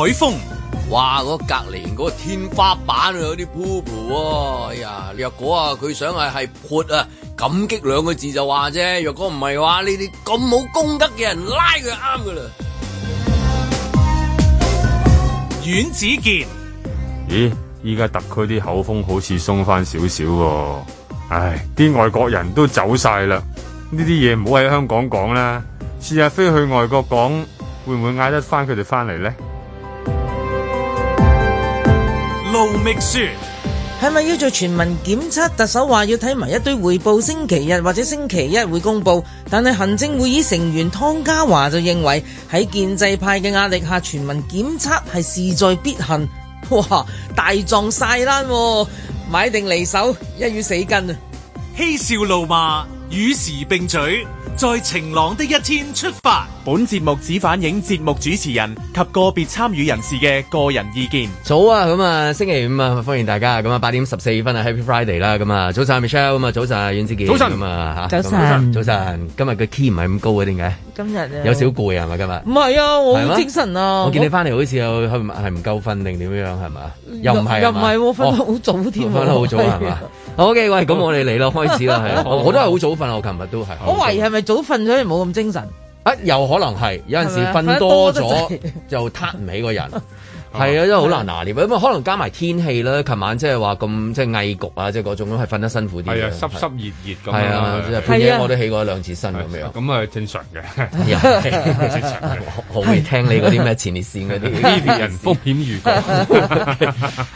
海風，哇！嗰隔鄰嗰個天花板有啲瀑布喎。哎呀，若果啊，佢想係係潑啊，感激兩個字就話啫。若果唔係嘅話，呢啲咁冇功德嘅人拉佢啱噶啦。阮子健，咦？依家特區啲口風好似鬆翻少少喎。唉，啲外國人都走晒啦。呢啲嘢唔好喺香港講啦，試下飛去外國講，會唔會嗌得翻佢哋翻嚟咧？係咪要做全民檢測？特首話要睇埋一堆匯報，星期日或者星期一會公布。但係行政會議成員湯家驊就認為，喺建制派嘅壓力下，全民檢測係勢在必行。哇！大狀晒啦，買定離手一於死根。啊！嬉笑怒罵與時並舉。在晴朗的一天出發。本節目只反映節目主持人及個別參與人士嘅個人意見。早啊，咁啊星期五啊，歡迎大家。咁啊八點十四分啊，Happy Friday 啦。咁啊早晨 Michelle，咁啊早晨阮之杰，早晨啊，早晨，早晨。今日嘅 key 唔係咁高嘅，點解？今日啊，有少攰係咪今日？唔係啊，好精神啊。我見你翻嚟好似又係唔係唔夠瞓定點樣係咪？又唔係又唔係瞓好早添，瞓得好早係嘛？好嘅，喂，咁我哋嚟啦，開始啦，係。我都係好早瞓。我琴日都係。我懷疑係咪？早瞓咗，冇咁精神。啊，有可能係有陣時瞓多咗 就撻唔起個人。 係啊，因為好難拿捏，咁啊可能加埋天氣啦，琴晚即係話咁即係翳焗啊，即係嗰種係瞓得辛苦啲。係啊，濕濕熱熱咁樣。係啊，半夜我都起過兩次身咁樣。咁啊，正常嘅。正常。好未，聽你嗰啲咩前列腺嗰啲人風險預告？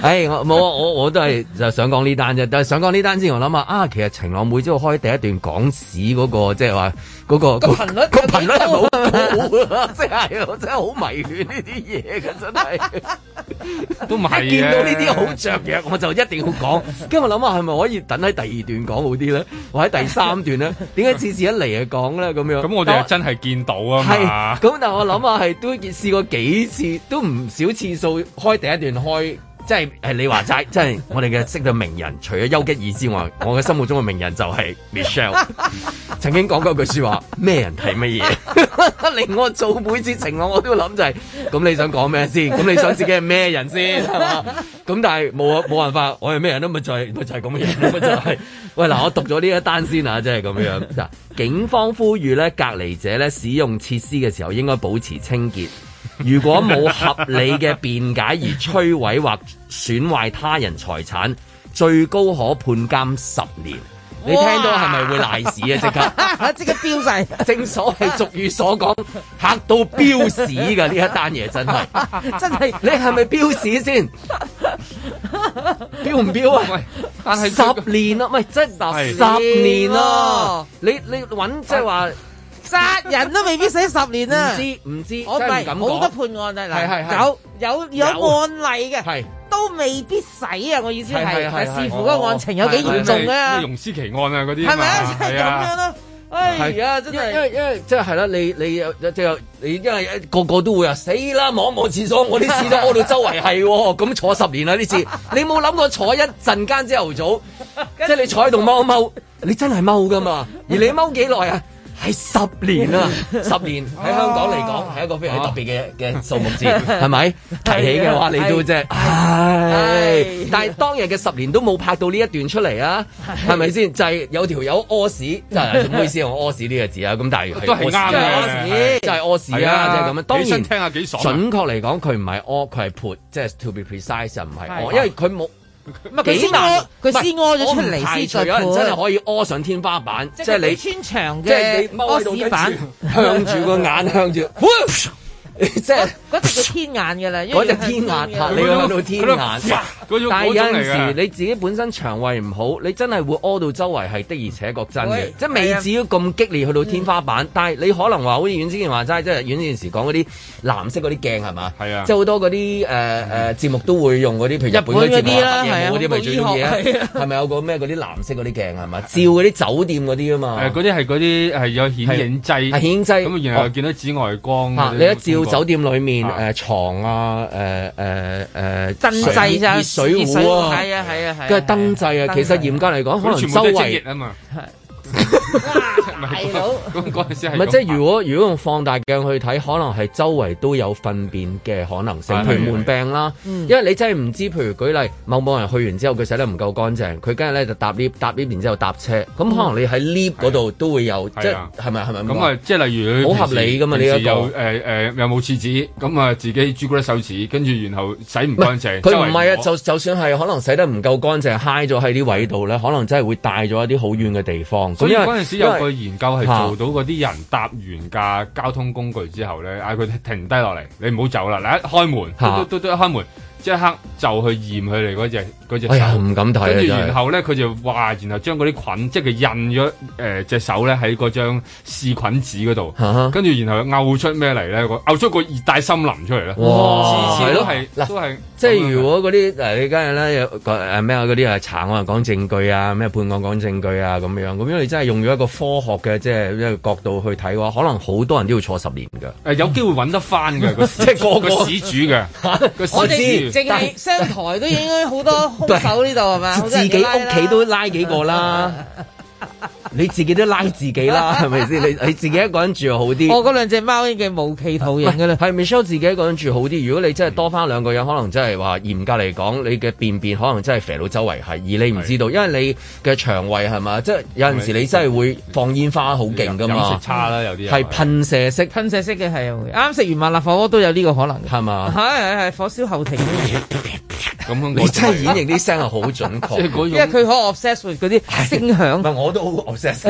唉，我冇我我都係就想講呢單啫，但係想講呢單先。我諗下啊，其實晴朗每朝開第一段港史嗰個，即係話嗰個個頻率個頻率係冇即係，我真係好迷戀呢啲嘢嘅真係。 都唔係 見到呢啲好雀躍，我就一定要講。今日諗下係咪可以等喺第二段講好啲咧？或喺第三段咧？點解次次一嚟就講咧？咁樣咁 我哋們係我真係見到啊嘛。係咁，但係我諗下係都試過幾次， 都唔少次數開第一段開。即係誒，你話齋，即係我哋嘅識到名人，除咗丘吉爾之外，我嘅心目中嘅名人就係 Michelle。曾經講過句說話，咩人睇乜嘢，令 我做每次情況我都要諗就係、是，咁你想講咩先？咁你想自己係咩人先？係嘛？咁但係冇冇辦法，我係咩人都咪就係、是、咪就係咁嘅人、就是，就係。 喂嗱，我讀咗呢一單先啊，即係咁樣。嗱，警方呼籲咧隔離者咧使用設施嘅時候應該保持清潔。如果冇合理嘅辯解而摧毀或損壞他人財產，最高可判監十年。你聽到係咪會賴屎啊？即刻，即刻標晒。正所謂俗語所講，嚇到標屎噶。呢一單嘢真係，真係你係咪標屎先？標唔標啊？但係十年啊，咪即係十年啊？你你揾即係話。殺人都未必死十年啊！唔知唔知，真係唔敢講。冇得判案啦，嗱有有有案例嘅，係都未必死啊！我意思係，但係視乎個案情有幾嚴重啊！溶屍奇案啊，嗰啲係咪啊？係咁樣咯。哎呀，真係因為因為即係啦，你你有即係你因為個個都會啊！死啦，摸摸望廁所，我啲屎都屙到周圍係，咁坐十年啊！呢次，你冇諗過坐一陣間朝頭早，即係你坐喺度踎一踎，你真係踎噶嘛？而你踎幾耐啊？係十年啦，十年喺香港嚟講係一個非常特別嘅嘅數目字，係咪提起嘅話你都啫。係，但係當日嘅十年都冇拍到呢一段出嚟啊，係咪先？就係有條友屙屎，即係唔好意思用屙屎呢個字啊？咁但係都係啱嘅，就係屙屎啊，即係咁樣。當然聽下幾爽。準確嚟講，佢唔係屙，佢係潑，即係 to be precise 唔係屙，因為佢冇。佢幾屙，佢 先屙咗難出嚟。唔排除有人真係可以屙上天花板，即係你穿牆嘅屙屎板，向住個眼向，向住。即係嗰隻叫天眼嘅啦，因為嗰隻天眼塔你嗰度天眼，但係有陣時你自己本身腸胃唔好，你真係會屙到周圍係，的而且確真嘅。即係未至於咁激烈去到天花板，但係你可能話好似阮子健話齋，即係阮子健時講嗰啲藍色嗰啲鏡係嘛？係啊，即係好多嗰啲誒誒節目都會用嗰啲，譬如日本嗰啲啦，係啊，醫學係咪有個咩嗰啲藍色嗰啲鏡係嘛？照嗰啲酒店嗰啲啊嘛？嗰啲係嗰啲係有顯影劑，係顯影劑咁，然後見到紫外光你一照。酒店裏面誒、啊呃、床啊誒誒誒燈掣啊熱水壺係啊係啊，係跟住燈掣啊，啊其實嚴格嚟講可能收維。係好。咁嗰陣時唔係即係如果如果用放大鏡去睇，可能係周圍都有糞便嘅可能性，譬如悶病啦。因為你真係唔知，譬如舉例，某某人去完之後，佢洗得唔夠乾淨，佢跟住咧就搭 lift 搭 lift 然之後搭車，咁可能你喺 lift 嗰度都會有，即係係咪係咪咁啊？即係例如好合理噶嘛？你有個又誒冇廁紙，咁啊自己朱古力手指，跟住然後洗唔乾淨，佢唔係啊，就就算係可能洗得唔夠乾淨，嗨咗喺啲位度咧，可能真係會帶咗一啲好遠嘅地方。咁嗰陣時有個能夠係做到嗰啲人搭完架交通工具之後咧，嗌佢停低落嚟，你唔好走啦！嗱，一開門，都都都一開門，即刻就去驗佢哋嗰隻。佢就唔敢睇。跟住，然後咧，佢就話，然後將嗰啲菌，即係佢印咗誒，隻手咧喺嗰張試菌紙嗰度。跟住，然後嘔出咩嚟咧？嘔出個熱帶森林出嚟咧。哇！係咯，係，都係。即係如果嗰啲誒，你梗係啦，咩啊？嗰啲啊，查案，又講證據啊，咩判案講證據啊，咁樣。咁因為你真係用咗一個科學嘅即係一個角度去睇嘅話，可能好多人都要坐十年噶。誒，有機會搵得翻嘅，即係個個市主嘅。我哋但係商台都已經好多。對手呢度係嘛？是是自己屋企都拉幾個啦， 你自己都拉自己啦，係咪先？你你自己一個人住又好啲。我嗰兩隻貓已經冇企圖型㗎啦。係 Michelle 自己一個人住好啲。如果你真係多翻兩個人，可能真係話嚴格嚟講，你嘅便便可能真係肥到周圍係，而你唔知道，的因為你嘅腸胃係嘛？即係有陣時你真係會放煙花好勁㗎嘛？差啦，有啲係噴射式，噴射式嘅係啱食完麻辣火鍋都有呢個可能嘅，係嘛吧？係係係，火燒後庭。 我真係演繹啲聲係好準確，因為佢好 obsess with 嗰啲聲響。唔係我都好 obsess，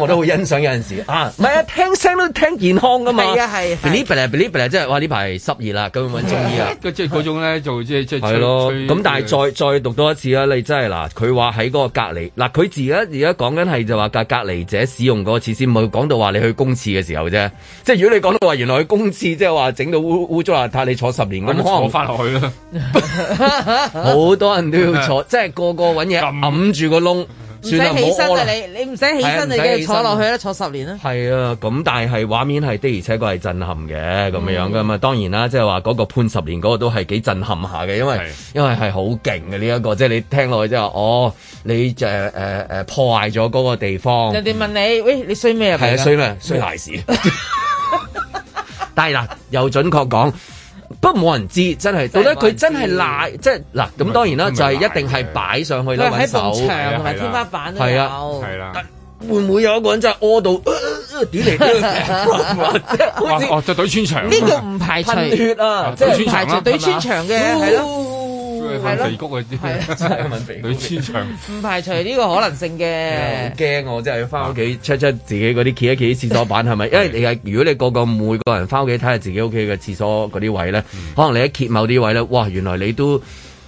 我都好欣賞。有陣時啊，唔係啊，聽聲都聽健康噶嘛。係啊係。嗶哩嗶哩嗶哩嗶哩，即係哇！呢排濕熱啦，咁揾中醫啊。即係嗰種咧，就即係即係咯。咁但係再再讀多一次啦。你真係嗱，佢話喺嗰個隔離嗱，佢而家而家講緊係就話隔隔離者使用嗰個廁所，冇講到話你去公廁嘅時候啫。即係如果你講到話原來去公廁，即係話整到污糟邋遢，你坐十年咁，可能坐翻落去啦。好多人都要坐，即係個個揾嘢揞住個窿，唔使起身啊！你你唔使起身，你繼續坐落去啦，坐十年啦。係啊，咁但係畫面係的而且確係震撼嘅，咁樣樣噶嘛。當然啦，即係話嗰個判十年嗰個都係幾震撼下嘅，因為因為係好勁嘅呢一個。即係你聽落去即係哦，你誒誒誒破壞咗嗰個地方，人哋問你喂，你衰咩啊？係啊，衰咩衰大事？但係嗱，又準確講。不過冇人知，真係到底佢真係賴，即係嗱咁，當然啦，就係一定係擺上去嚟揾手。喺牆同埋天花板都有。係啊，係啦。會唔會有一個人真係屙到短嚟短去？即係，哦，就懟穿牆。呢個唔排除啊，即係排除懟穿牆嘅，係咯。係啦，肥谷嗰啲，真係問肥佢穿牆，唔 書長 排除呢個可能性嘅。好驚 我真係要翻屋企 check check 自己嗰啲企一企啲廁所板係咪是是 對 因為你係如果你個個每個人翻屋企睇下自己屋企嘅廁所嗰啲位咧， 可能你一揭某啲位咧，哇原來你都，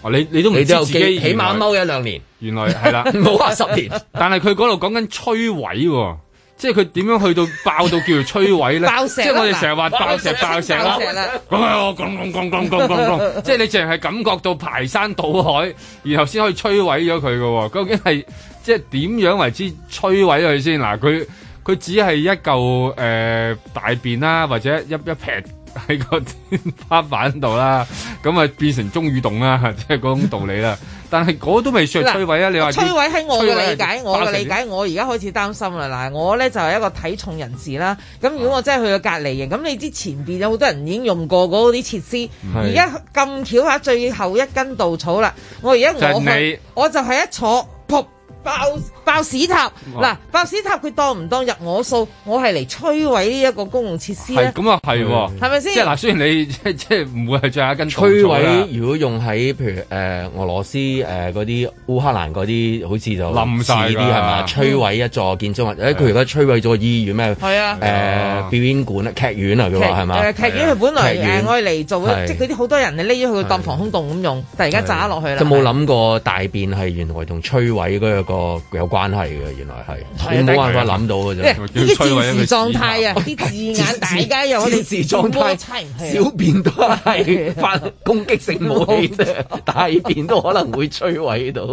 你都你都唔知有自己起碼踎一兩年。原來係啦，冇話十年， 但係佢嗰度講緊摧毀喎，哦。即係佢點樣去到爆到叫做摧毀咧？即係我哋成日話爆石爆石啦，轟轟轟轟轟轟轟！即係你淨係感覺到排山倒海，然後先可以摧毀咗佢㗎喎。究竟係即係點樣為之摧毀佢先？嗱，佢佢只係一嚿誒大便啦，或者一一撇喺個天花板度啦，咁啊變成鐘乳洞啦，即係嗰種道理啦。但係嗰都未算係摧毀啊！你話摧毀喺我嘅理解，我嘅理解，我而家開始擔心啦。嗱，我咧就係、是、一個體重人士啦。咁如果我真係去到隔離營，咁你知前邊有好多人已經用過嗰啲設施，而家咁巧，下最後一根稻草啦。我而家我去，就我就係一坐，噗爆！爆屎塔嗱，爆屎塔佢當唔當入我數？我係嚟摧毀呢一個公共設施咧？咁啊係，係咪先？即係嗱，雖然你即係唔會係最後一根。摧毀如果用喺譬如誒俄羅斯誒嗰啲烏克蘭嗰啲，好似就冧晒啲係嘛？摧毀一座建築物，佢而家摧毀咗個醫院咩？係啊，誒表演館啊，劇院啊，佢話係嘛？劇院佢本來我愛嚟做，即係嗰啲好多人嚟匿咗佢當防空洞咁用，但係而家炸落去啦。就冇諗過大便係原來同摧毀嗰個關係嘅原來係，你冇辦法諗到嘅啫。啲摧毀狀態啊，啲字眼大家又戰時狀態，小便都係發攻擊性武器，大便都可能會摧毀到。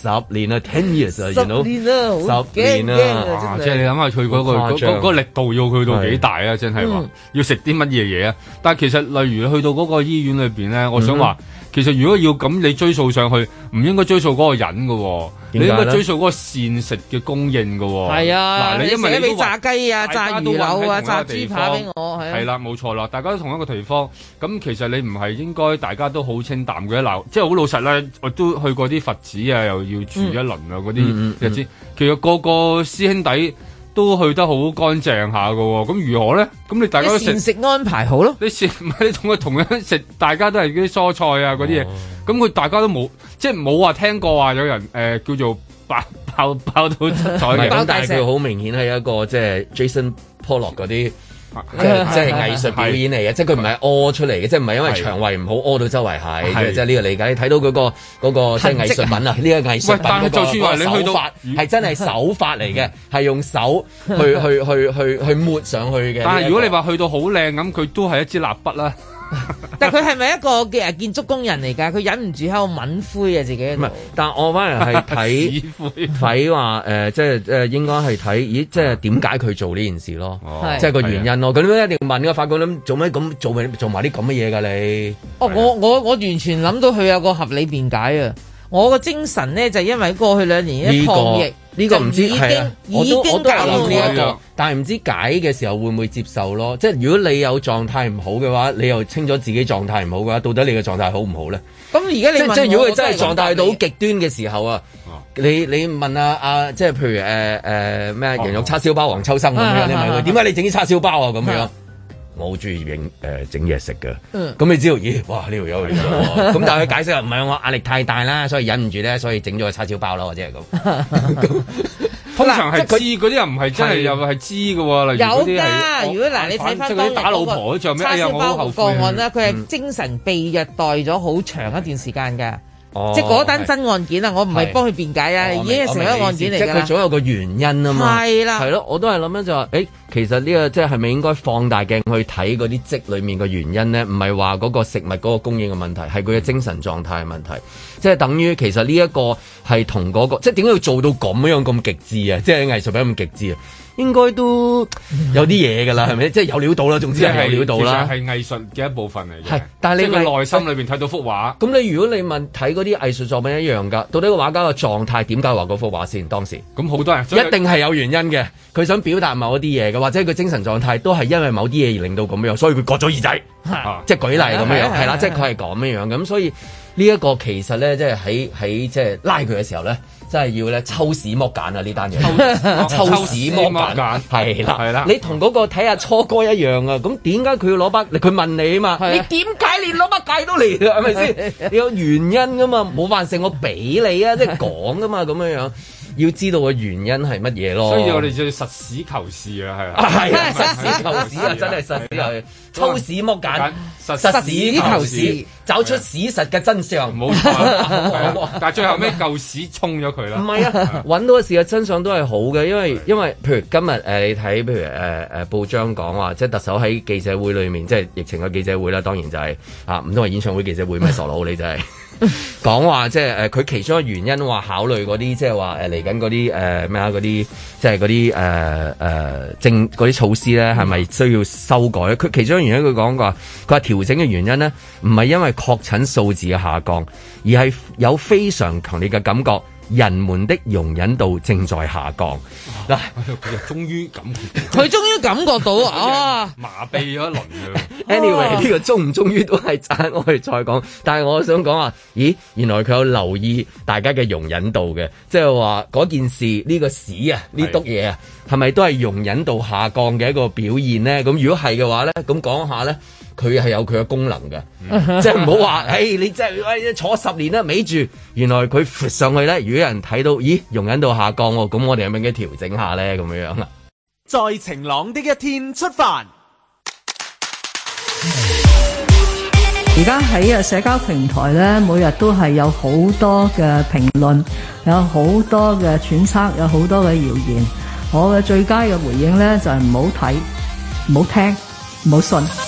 十年啊，ten years 啊，十年啊，十年啊，即係你諗下佢嗰個個力度要去到幾大啊？真係話要食啲乜嘢嘢啊？但係其實例如去到嗰個醫院裏邊咧，我想話。其實如果要咁，你追溯上去，唔應該追溯嗰個人噶，哦，你應該追溯嗰個膳食嘅供應噶，哦。係啊，嗱啦，你因為你炸雞啊、家炸魚柳啊、炸豬扒俾我，係啦，啊，冇錯，啊、啦，大家都同一個地方，咁其實你唔係應該大家都好清淡嘅，嗱，即係好老實啦，我都去過啲佛寺啊，又要住一輪啊，嗰啲，嗯、日子，嗯嗯，其實個個師兄弟。都去得好乾淨下㗎喎，咁如何咧？咁你大家都食食安排好咯，你食唔係你同佢同樣食，大家都係啲蔬菜啊嗰啲嘢，咁佢、哦、大家都冇，即係冇話聽過話有人誒、呃、叫做爆爆爆到出彩， 但係佢好明顯係一個即係、就是、Jason Pollock 嗰啲。 即即係藝術表演嚟嘅，即係佢唔係屙出嚟嘅，即係唔係因為腸胃唔好屙到周圍係，即係呢個理解。你睇到嗰個個即係藝術品啊，呢個藝術品。喂，但係就算你去到係真係手法嚟嘅，係用手去去去去去抹上去嘅。但係如果你話去到好靚，咁佢都係一支蠟筆啦。 但佢係咪一個嘅建築工人嚟噶？佢忍唔住喺度吻灰啊！自己唔係，但係我反而係睇睇話誒，即係誒、呃，應該係睇咦，即係點解佢做呢件事咯？哦、即係個原因咯。佢點解、啊、一定問啊，法官諗做咩咁做埋做埋啲咁嘅嘢噶你？ 哦，我我我完全諗到佢有個合理辯解啊！我個精神咧就是、因為過去兩年呢抗疫，呢、這個唔、這個、知係啊已經已經我，我都我都、嗯、解呢一個，但係唔知解嘅時候會唔會接受咯？即係如果你有狀態唔好嘅話，你又清,清楚自己狀態唔好嘅話，到底你嘅狀態好唔好咧？咁而家你即係如果佢真係狀態到極端嘅時候啊、嗯，你你問啊啊，即係譬如誒誒咩人肉叉燒包黃秋生咁、嗯、樣，你問佢點解你整啲叉燒包啊咁樣？嗯我好中意整誒整嘢食嘅，咁你知道？咦，哇！呢度有嚟咁，但係佢解釋唔係我壓力太大啦，所以忍唔住咧，所以整咗個叉燒包囉，或者係咁。通常係知嗰啲人唔係真係又係知嘅喎。例如有㗎，如果嗱你睇翻當打老婆嘅像咩？哎呀，我好後悔啦。個案咧，佢係精神被虐待咗好長一段時間㗎。哦、即係嗰單真案件啊，是我唔係幫佢辯解啊，是已經係成個案件嚟嘅。即係佢總有個原因啊嘛。係啦的，係咯，我都係諗緊就話，誒、欸，其實呢、呢個即係係咪應該放大鏡去睇嗰啲積裡面嘅原因咧？唔係話嗰個食物嗰個供應嘅問題，係佢嘅精神狀態嘅問題。嗯即係等於其實呢一個係同嗰個即係點解要做到咁樣咁極致啊？即係藝術品咁極致啊？應該都有啲嘢噶啦，係咪？即係有料到啦，總之係有料到啦，係藝術嘅一部分嚟嘅。但係你內心裏邊睇到幅畫。咁你如果你問睇嗰啲藝術作品一樣噶，到底個畫家個狀態點解畫嗰幅畫先？當時咁好多人一定係有原因嘅，佢想表達某一啲嘢嘅，或者佢精神狀態都係因為某啲嘢而令到咁樣，所以佢割咗耳仔。即係舉例咁樣樣，係啦，即係佢係咁樣樣咁，所以。呢一個其實咧，即係喺喺即係拉佢嘅時候咧，真係要咧抽絲剝繭啊！呢單嘢抽絲剝繭係啦，係啦，你同嗰個睇下初哥一樣啊！咁點解佢要攞筆？佢問你啊嘛，的你點解你攞筆計都嚟啦？係咪先？的 你有原因噶嘛？冇辦成我俾你啊！即係講噶嘛，咁樣樣。要知道嘅原因係乜嘢咯？所以我哋就要實事求是啊，係啊，係啊，實事求是啊，真係實事求，抽屎剝繭，實實事求是，找出事實嘅真相。冇錯，但係最後咩舊屎沖咗佢啦？唔係啊，揾到嘅事實真相都係好嘅，因為因為譬如今日誒你睇，譬如誒誒報章講話，即係特首喺記者會裏面，即係疫情嘅記者會啦。當然就係啊，唔通係演唱會記者會咩傻佬？你就係～講話即係誒，佢其中一個原因話考慮嗰啲即係話誒嚟緊嗰啲誒咩啊嗰啲即係嗰啲誒誒政嗰啲措施咧，係咪需要修改咧？佢其中一個原因佢講話，佢話調整嘅原因咧，唔係因為確診數字嘅下降，而係有非常強烈嘅感覺。人們的容忍度正在下降。嗱、啊，佢又終於感覺，佢、啊、終於感覺到， 感覺到啊，麻痹咗一輪。Anyway，呢個終唔終於都係讚我哋再講。但係我想講啊咦，原來佢有留意大家嘅容忍度嘅，即係話嗰件事呢、呢個屎啊呢督嘢啊，係咪的都係容忍度下降嘅一個表現呢？咁如果係嘅話咧，咁講下咧。佢係有佢嘅功能嘅， 即係唔好話，誒，你即係坐十年啦，咪住。原來佢扶上去咧，如果有人睇到，咦，容忍度下降，咁我哋有冇應該調整下咧？咁樣樣啊！在晴朗的一天出發。而家喺啊社交平台咧，每日都係有好多嘅評論，有好多嘅揣測，有好多嘅謠言。我嘅最佳嘅回應咧，就係唔好睇，唔好聽，唔好信。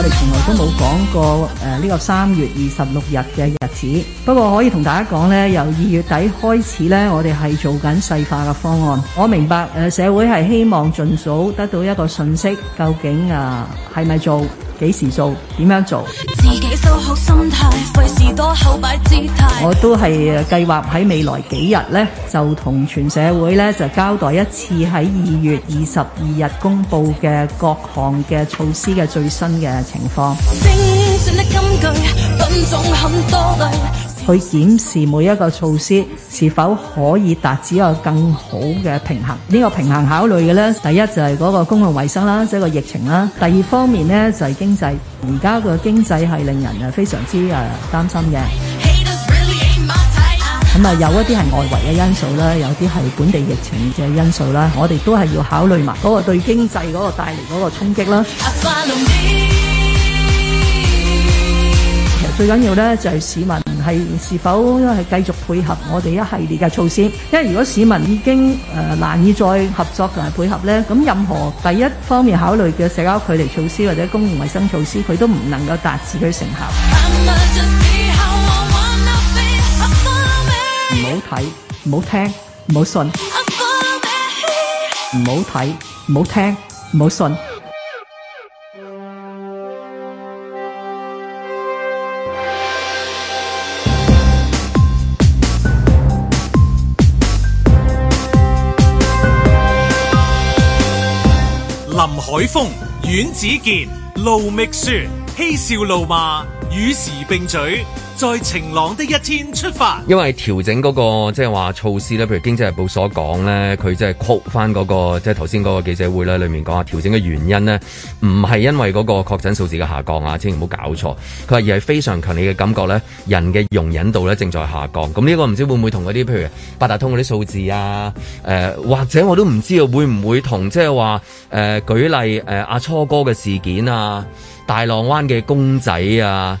我哋從來都冇講過誒呢，呃這個三月二十六日嘅日子，不過可以同大家講，呢由二月底開始，呢我哋係做緊細化嘅方案。我明白，呃、社會係希望盡早得到一個信息，究竟啊係咪做？幾時做？點樣做？我都係誒計劃喺未來幾日呢，就同全社會呢，就交代一次喺二月二十二日公布嘅各項嘅措施嘅最新嘅情況。去檢視每一個措施是否可以達至一個更好嘅平衡。呢個平衡考慮嘅咧，第一就係嗰個公共衛生啦，即係個疫情啦。第二方面咧就係經濟，而家個經濟係令人啊非常之誒擔心嘅。咁啊，有一啲係外圍嘅因素啦，有啲係本地疫情嘅因素啦。我哋都係要考慮埋嗰個對經濟嗰個帶嚟嗰個衝擊啦。其實 follow 最緊要咧就係市民。是否係繼續配合我哋一系列嘅措施？因為如果市民已經誒、呃、難以再合作同埋配合呢，咁任何第一方面考慮嘅社交距離措施或者公共衞生措施，佢都唔能夠達至佢成效。唔好睇，唔好聽，唔好信。唔好睇，唔好聽，唔好信。風阮子健，盧覓雪，嬉笑怒罵與時並嘴。在晴朗的一天出發，因為調整嗰、那個即係話措施咧，譬如經濟日報所講咧，佢即係曲翻嗰個即係頭先嗰個記者會咧，裡面講話調整嘅原因呢唔係因為嗰個確診數字嘅下降啊，千祈唔好搞錯。佢話而係非常強烈嘅感覺咧，人嘅容忍度咧正在下降。咁呢個唔知會唔會同嗰啲譬如八達通嗰啲數字啊，誒、呃、或者我都唔知道會唔會同即係話誒舉例誒阿、呃、初哥嘅事件啊，大浪灣嘅公仔啊。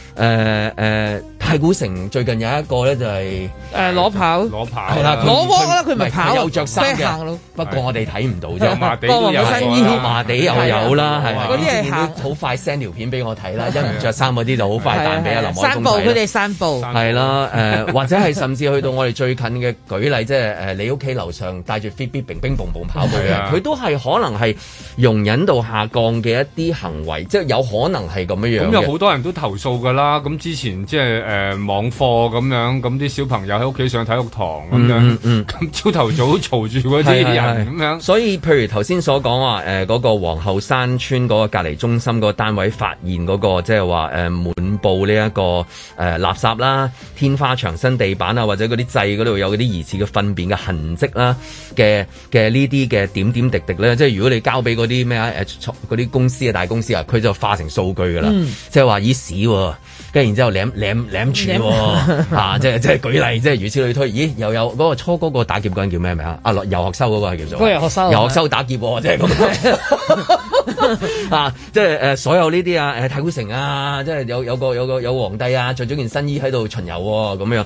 誒誒，太古城最近有一個咧，就係誒攞跑攞跑係啦，攞鍋啦，佢咪跑有着衫嘅咯。不過我哋睇唔到啫，麻麻地又有啦，係嗰啲好快 send 條片俾我睇啦。一唔着衫嗰啲就好快彈俾阿林海散步佢哋散步係啦，誒或者係甚至去到我哋最近嘅舉例，即係誒你屋企樓上帶住 fitbit 冰冰蹦蹦跑步嘅，佢都係可能係容忍度下降嘅一啲行為，即係有可能係咁樣樣。咁有好多人都投訴噶啦。啊，咁之前即係誒網課咁樣，咁啲小朋友喺屋企上體育堂咁樣，咁朝頭早嘈住嗰啲人咁 是樣。所以，譬如頭先所講話誒，嗰、呃那個皇后山邨嗰個隔離中心個單位發現嗰、那個即係話誒滿布呢、這、一個誒、呃、垃圾啦、天花、牆身、地板啊，或者嗰啲掣嗰度有嗰啲疑似嘅糞便嘅痕迹啦嘅嘅呢啲嘅點點滴滴咧，即、就、係、是、如果你交俾嗰啲咩啊，嗰、呃、啲公司啊大公司啊，佢就化成數據噶啦，即係話以屎。跟住然之後斂斂喎，哦舔啊、即係 即，即舉例，即係如此類推。咦？又有嗰、那個初嗰個打劫嗰人叫咩名啊？阿羅游學修嗰個係叫做，游學修打劫喎，即係咁啊！即係誒、呃、所有呢啲啊誒太古城啊，即係有有，有個有個有皇帝啊着咗件新衣喺度巡遊喎、啊，咁樣呢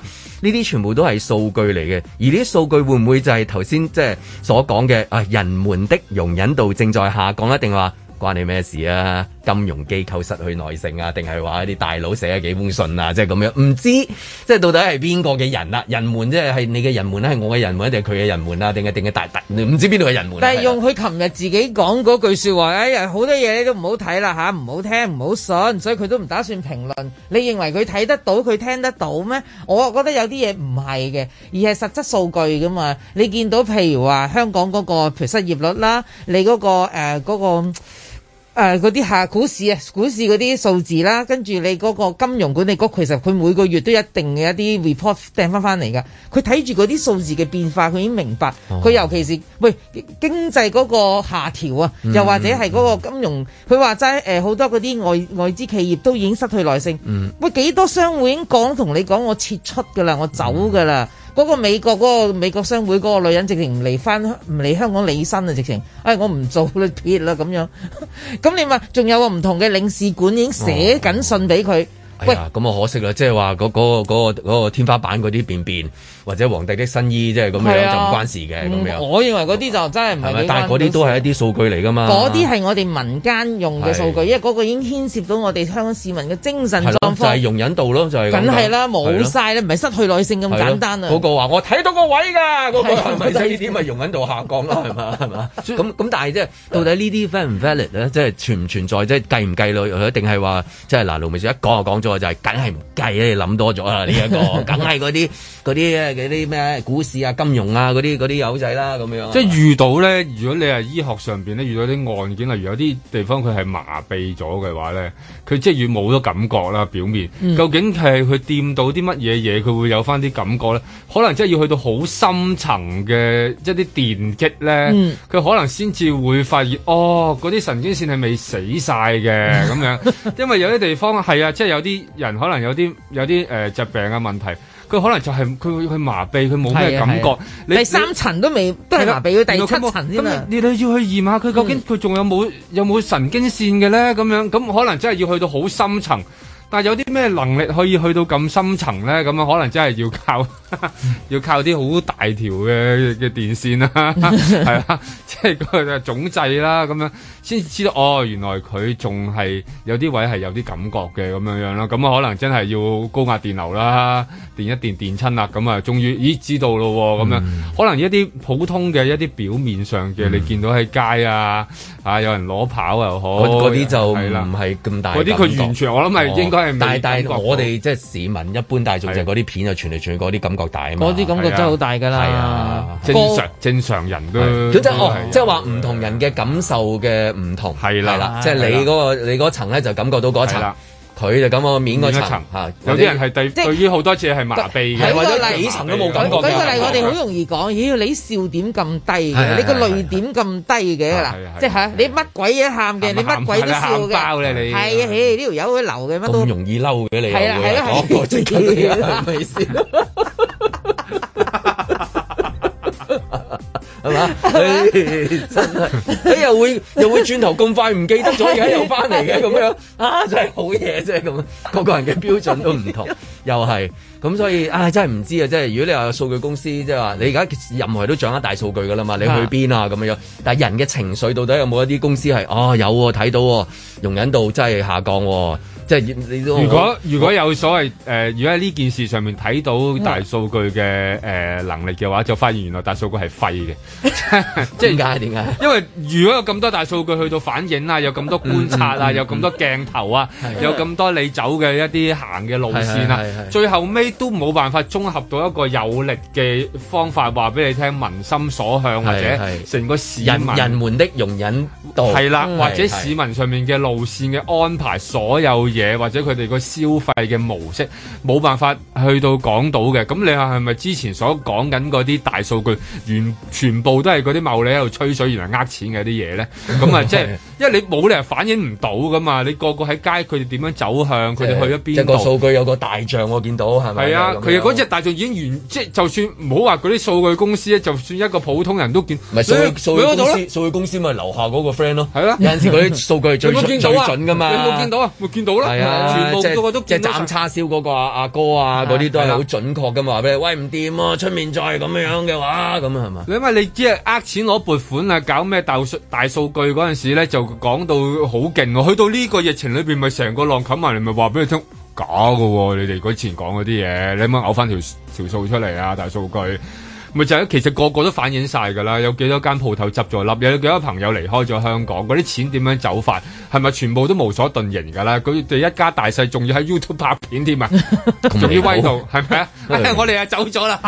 啲全部都係數據嚟嘅。而呢啲數，數據會唔會就係頭先即係所講嘅啊？人們的容忍度正在下降，一定話關你咩事啊？金融機構失去耐性啊，定係話啲大佬寫咗幾封信啊，即係咁樣，唔知即係到底係邊個嘅人啊？人們即係係你嘅人們咧，係我嘅人們，定係佢嘅人們啊？定係定係大唔知邊度嘅人們？但係用佢琴日自己講嗰句説話說，呀、哎，好多嘢你都唔好睇啦吓，唔、啊、好聽，唔好信，所以佢都唔打算評論。你認為佢睇得到，佢聽得到咩？我覺得有啲嘢唔係嘅，而係實質數據噶嘛。你見到譬如話香港嗰個譬如失業率啦，你嗰個誒嗰個。呃嗰個誒嗰啲下股市啊，股市嗰啲數字啦，跟住你嗰個金融管理局，其實佢每個月都有一定嘅一啲 report 掟翻翻嚟噶。佢睇住嗰啲數字嘅變化，佢已經明白。佢、哦、尤其是喂經濟嗰個下調啊，又或者係嗰個金融，佢話齋誒好多嗰啲外外資企業都已經失去耐性。嗯、喂幾多商會已經講同你講我撤出噶啦，我走噶啦。嗯嗰個美國嗰、嗰個、美國商會嗰、嗰個女人直情唔嚟翻唔嚟香港理身啊！直情，唉、哎，我唔做啦撇啦咁樣，咁 你話，仲有個唔同嘅領事館已經寫緊信俾佢，哦哎、喂，咁啊可惜啦，即係話嗰嗰個嗰、嗰個嗰個嗰個天花板嗰啲便便。或者皇帝的新衣即係咁樣就唔關事嘅咁樣，我認為嗰啲就真係唔係幾關。但係嗰啲都係一啲數據嚟㗎嘛。嗰啲係我哋民間用嘅數據，因為嗰個已經牽涉到我哋香港市民嘅精神狀況。就係容忍度咯，就係。梗係啦，冇晒，啦，唔係失去耐性咁簡單啊！嗰個話我睇到個位㗎，嗰個係咪係呢啲咪容忍度下降咯？係嘛係嘛？咁咁，但係即係到底呢啲 valid 咧？即係存唔存在？即係計唔計落？定係話即係嗱，盧覓雪一講就講咗就係梗係唔計你諗多咗啦呢一個，梗係啲嗰啲。嗰啲咩股市啊、金融啊嗰啲嗰啲友仔啦，咁樣即係遇到咧。如果你係醫學上邊咧，遇到啲案件，例如有啲地方佢係麻痹咗嘅話咧，佢即係越冇咗感覺啦。表面、嗯、究竟係佢掂到啲乜嘢嘢，佢會有翻啲感覺咧？可能即係要去到好深層嘅一啲電擊咧，佢、嗯、可能先至會發現哦，嗰啲神經綫係未死晒嘅咁樣，因為有啲地方係啊，即係有啲人可能有啲有啲誒疾病嘅問題。佢可能就係佢去麻痹，佢冇咩感覺。啊啊、你第三層都未都係麻痹，佢、啊、第七層先啦。你哋要去驗下佢究竟佢仲有冇有冇、嗯、神經線嘅咧？咁樣咁可能真係要去到好深層，但係有啲咩能力可以去到咁深層咧？咁樣，可能真係要靠。 要靠啲好大條嘅嘅電線啦，係啦，即係個總制啦，咁樣先知道哦。原來佢仲係有啲位係有啲感覺嘅咁樣樣咯。咁啊，可能真係要高壓電流啦，電一電電親啦，咁啊，終於咦知道咯咁樣。可能一啲普通嘅一啲表面上嘅、嗯、你見到喺街啊，啊有人攞跑又好，嗰啲就唔係咁大。嗰啲佢完全我諗係、哦、應該係，但係我哋即係市民一般大眾就嗰啲片就傳嚟傳去嗰啲咁。的感覺大啊嘛，啲感覺真係好大噶啦，正常正常人都，即係即係話唔同人嘅感受嘅唔同，係啦，即係你嗰個你嗰層咧就感覺到嗰層佢就感覺到面嗰一層吓，有啲人係對對於好多次係麻痹嘅，係一個底層都冇感覺嘅。舉個例，我哋好容易講，咦你笑點咁低嘅，你個淚點咁低嘅啦，即係你乜鬼嘢喊嘅，你乜鬼都笑嘅，係呢條友佢流嘅乜都，咁容易嬲嘅你，係啦，講過係係嘛？真係你、欸、又會又會轉頭咁快唔記得咗而家又翻嚟嘅咁樣啊！真係好嘢啫咁啊！個個人嘅標準都唔同， 又係咁，所以啊，真係唔知啊！即係如果你話數據公司，即係話你而家任何人都掌握大數據噶啦嘛，你去邊啊咁樣？但係人嘅情緒到底有冇一啲公司係哦、啊，有睇、啊、到、啊、容忍度真係下降喎、啊？即係你如果如果有所謂誒，如果喺呢件事上面睇到大數據嘅誒能力嘅話，就發現原來大數據係廢嘅。即係點解？點解？因為如果有咁多大數據去到反映啊，有咁多觀察啊，有咁多鏡頭啊，有咁多你走嘅一啲行嘅路線啊，最後尾都冇辦法綜合到一個有力嘅方法話俾你聽民心所向，或者成個市民人們的容忍度係啦，或者市民上面嘅路線嘅安排，所有。嘢或者佢哋個消費嘅模式冇辦法去到港島嘅，咁你話係咪之前所講緊嗰啲大數據，完全部都係嗰啲茂利喺度吹水，原來呃錢嘅啲嘢咧？咁啊，即係因為你冇理由反映唔到噶嘛。你個個喺街，佢哋點樣走向，佢哋去一邊？呢個數據有個大象，我見到係咪？係啊，佢隻大象已經完，即就算唔好話嗰啲數據公司咧，就算一個普通人都見。咪數數據公司，數據公司咪樓下嗰個 friend 咯。係咯，有陣時嗰啲數據係最準噶嘛。你有冇見到？啊？咪見到啦。係啊，全部嗰個都即斬叉燒嗰、嗰個阿、啊、哥啊，嗰啲都係好準確噶嘛，話俾吧你，喂，唔掂咯？出、啊、面再咁樣嘅話，咁啊係嘛？你因為你只係呃錢攞撥款啊，搞咩大數大數據嗰陣時咧，就講到好勁喎。去到呢個疫情裏邊，咪成個浪冚埋你咪話俾你聽假噶喎、哦。你哋嗰前講嗰啲嘢，你啱啱咬翻條條數出嚟啊，大數據。 咪就係，其實個個都反映晒㗎啦。有幾多間鋪頭執咗笠，又有幾多朋友離開咗香港。嗰啲錢點樣走法？係咪全部都無所遁形㗎咧？佢哋一家大細仲要喺 YouTube 拍片添啊，仲要威到，係咪、哎、啊？我哋啊走咗啦，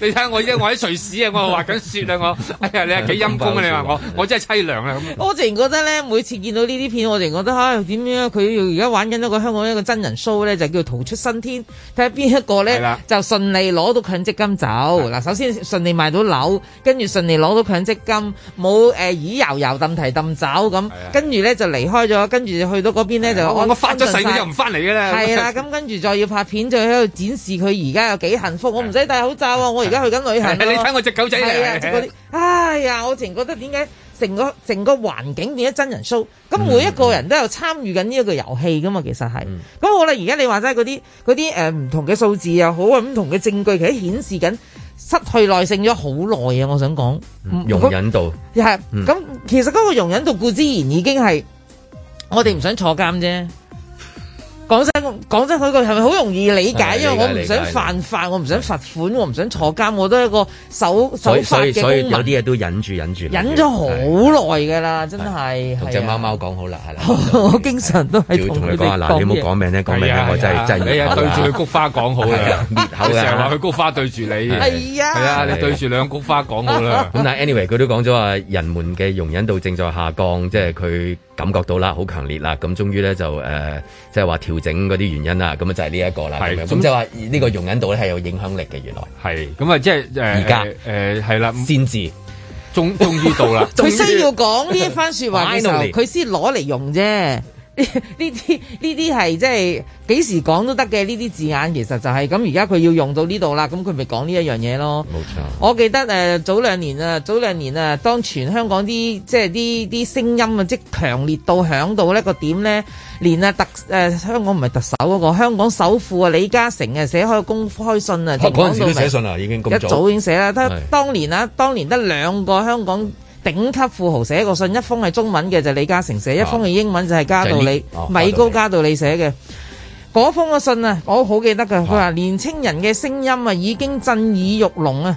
你睇下我而家我喺瑞士啊，我滑緊雪啊，我哎呀你係幾陰功啊？你話我，我真係凄涼啊！ 我淨覺得咧，每次見到呢啲片，我淨覺得嚇點、哎、樣？佢而家玩緊一個香港一個真人 show 咧，就叫逃出生天，睇下邊一個咧就順利攞到強積金 嗱，首先順利買到樓，跟住順利攞到強積金，冇誒耳油油掟提掟走咁，跟住咧就離開咗，跟住去到嗰邊咧就我我發咗誓，我又唔翻嚟嘅啦。係啦，咁跟住再要拍片，再喺度展示佢而家有幾幸福，我唔使戴口罩喎，我而家去緊旅行。你睇我隻狗仔嚟，哎呀，我淨覺得點解？整個環境變咗真人 show，咁每一個人都有參與緊呢一個遊戲噶嘛，其實係。咁好啦，而家你話齋嗰啲嗰啲誒唔同嘅數字又好啊，唔同嘅證據，其實顯示緊失去耐性咗好耐啊！我想講，容忍度係咁，其實嗰個容忍度固之然已經係我哋唔想坐監啫。講真講真佢個係咪好容易理解？因為我唔想犯法，我唔想罰款，我唔想坐監，我都係一個守守法嘅公民，所以，有啲嘢都忍住，忍住。忍咗好耐噶啦，真係同隻貓貓講好啦，係啦。我經常都係同佢講。嗱，你唔好講名咧，講名咧，我真係真係。你對住佢菊花講好啦，滅口啦！成日話佢菊花對住你。係啊。係啊，你對住兩菊花講好啦。咁但係 anyway，佢都講咗話，人們嘅容忍度正在下降，即係佢。感覺到啦，好強烈啦，咁終於咧就誒，即係話調整嗰啲原因啦，咁啊就係呢一個啦。係是，咁就係話呢個容忍度咧係有影響力嘅原來。係，咁啊即係誒而家誒係啦，先、呃、至，終終於到啦。佢 需要講呢一番説話，佢先攞嚟用啫。呢啲呢啲係即係幾時講都得嘅呢啲字眼，其實就係、是、咁。而家佢要用到呢度啦，咁佢咪講呢一樣嘢咯。冇錯。我記得誒早兩年啊，早兩年啊，當全香港啲即係啲啲聲音啊，即係強烈到響到呢個點咧，連啊特誒、呃、香港唔係特首嗰、那個香港首富啊李嘉誠啊寫開公開信啊，都寫信同講到一早已經寫啦。得是當年啊，當年得兩個香港。頂級富豪寫一個信，一封係中文嘅就是、李嘉誠寫，啊、一封係英文就係、是、加道理米高加道理、啊、寫嘅嗰封嘅信啊，我好記得噶，佢話、啊、年青人嘅聲音啊已經震耳欲聾啊。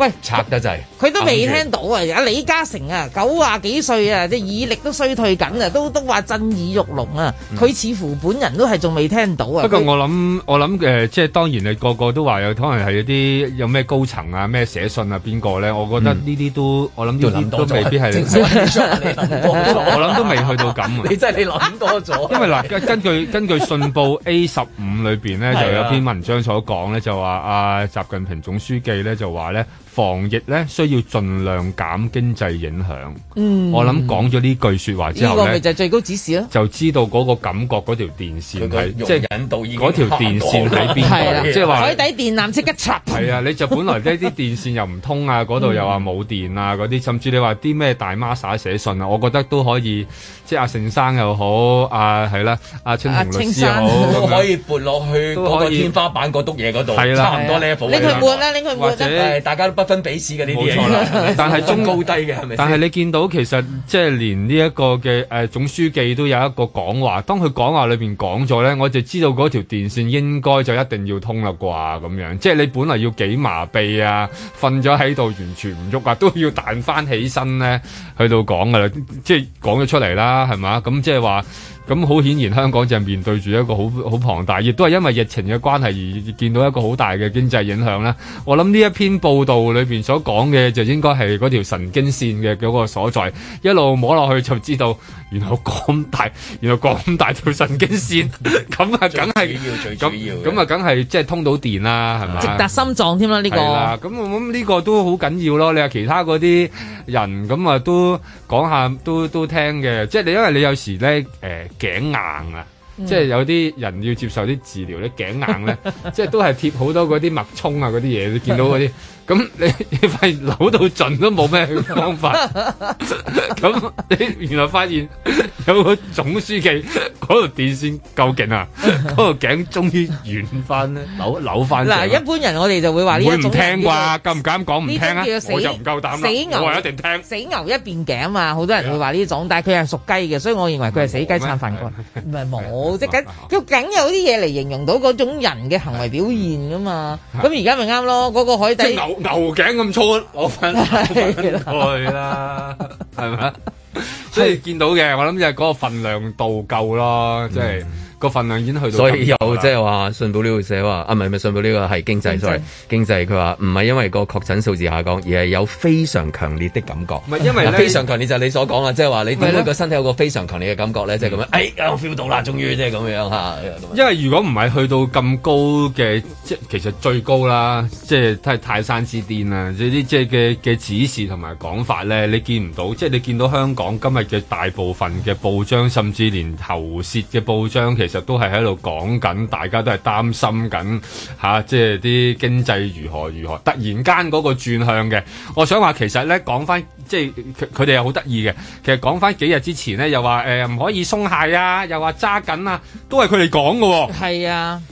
喂，拆得滯，佢都未聽到啊！而家李嘉誠啊，九廿幾歲啊，啲耳力都衰退緊啊，都都話震耳欲聾啊！佢似乎本人都係仲未聽到啊。不過我諗，我諗誒，即係當然你個個都話有，可能係有啲有咩高層啊、咩寫信啊、邊個咧？我覺得呢啲都我諗呢啲都未必係你諗多咗，我諗都未去到咁。你真係你諗多咗。因為嗱，根根據根據信報 A 十五裏邊咧，就有篇文章所講咧，就話阿習近平總書記咧就話咧。防疫咧需要儘量減經濟影響。嗯，我諗講咗呢句説話之後咪就係最高指示咯。就知道嗰個感覺嗰條電線喺，即係引導嗰條電線喺邊。即係話海底電纜即刻插。係啊，你就本來呢啲電線又唔通啊，嗰度又話冇電啊，嗰啲甚至你話啲咩大媽寫寫信啊，我覺得都可以，即係阿成生又好，阿係啦，阿清洪律師又好，都可以撥落去嗰個天花板嗰篤嘢嗰度，差唔多 level。拎佢撥啦，拎佢撥得，大家都。一分彼此嘅呢啲，冇錯啦。 但係中高低嘅，係咪 但係你見到其實即係連呢一個嘅誒、呃、總書記都有一個講話，當佢講話裏邊講咗咧，我就知道嗰條電線應該就一定要通啦啩咁樣。即係你本來要幾麻痹啊，瞓咗喺度完全唔喐啊，都要彈翻起身咧，去到講噶啦，即係講咗出嚟啦，係咪？咁即係話。咁好顯然，香港就係面對住一個好好龐大，亦都係因為疫情嘅關係而見到一個好大嘅經濟影響啦。我諗呢一篇報道裏邊所講嘅，就應該係嗰條神經綫嘅嗰個所在，一路摸落去就知道，原來咁大，原來咁大條神經綫，咁 啊，梗係，咁，咁啊，梗係即係通到電啦，係咪直達心臟添啦，呢、這個，係咁我諗呢個都好緊要咯。你話其他嗰啲人咁啊，都講下，都都，都聽嘅。即係你，因為你有時咧，誒、呃。呃頸硬啊，即係有啲人要接受啲治療咧，頸、嗯、硬咧，即係都係貼好多嗰啲脈衝啊嗰啲嘢，你見到嗰啲。 咁你你發現扭到盡都冇咩方法，咁你原來發現有個總書記嗰度電線夠勁啊，嗰條頸終於軟翻咧，扭扭翻。嗱，一般人我哋就會話呢種唔聽啩，敢唔敢講唔聽啊？我就唔夠膽。死牛一定聽。死牛一邊頸嘛，好多人會話呢種，但係佢係屬雞嘅，所以我認為佢係死雞撐飯骨。唔係冇，即係佢梗有啲嘢嚟，形容到嗰種人嘅行為表現噶嘛。咁而家咪啱咯，嗰個海底。牛頸咁粗，攞翻去啦，係咪？所以見到嘅，我諗就係嗰個份量度夠咯，即、就、係、是。嗯個份量已經去到，所以有即係話信報呢度寫話，啊唔係唔係信報呢個係經濟，所以經濟佢話唔係因為個確診數字下降，而係有非常強烈的感覺。唔係因為，因為非常強烈就係你所講啦，即係話你對個身體有個非常強烈嘅感覺咧，即係咁樣。哎，我 feel 到啦，終於即係咁樣嚇。哎、因為如果唔係去到咁高嘅，即其實最高啦，即係都泰山之巔啦、啊。即啲即係嘅嘅指示同埋講法咧，你見唔到，即係你見到香港今日嘅大部分嘅報章，甚至連喉舌嘅報章，其其實都係喺度講緊，大家都係擔心緊吓、啊，即係啲經濟如何如何，突然間嗰個轉向嘅。我想話，其實咧講翻，即係佢哋係好得意嘅。其實講翻幾日之前咧，又話誒唔可以鬆懈啊，又話揸緊啊，都係佢哋講㗎喎。係啊。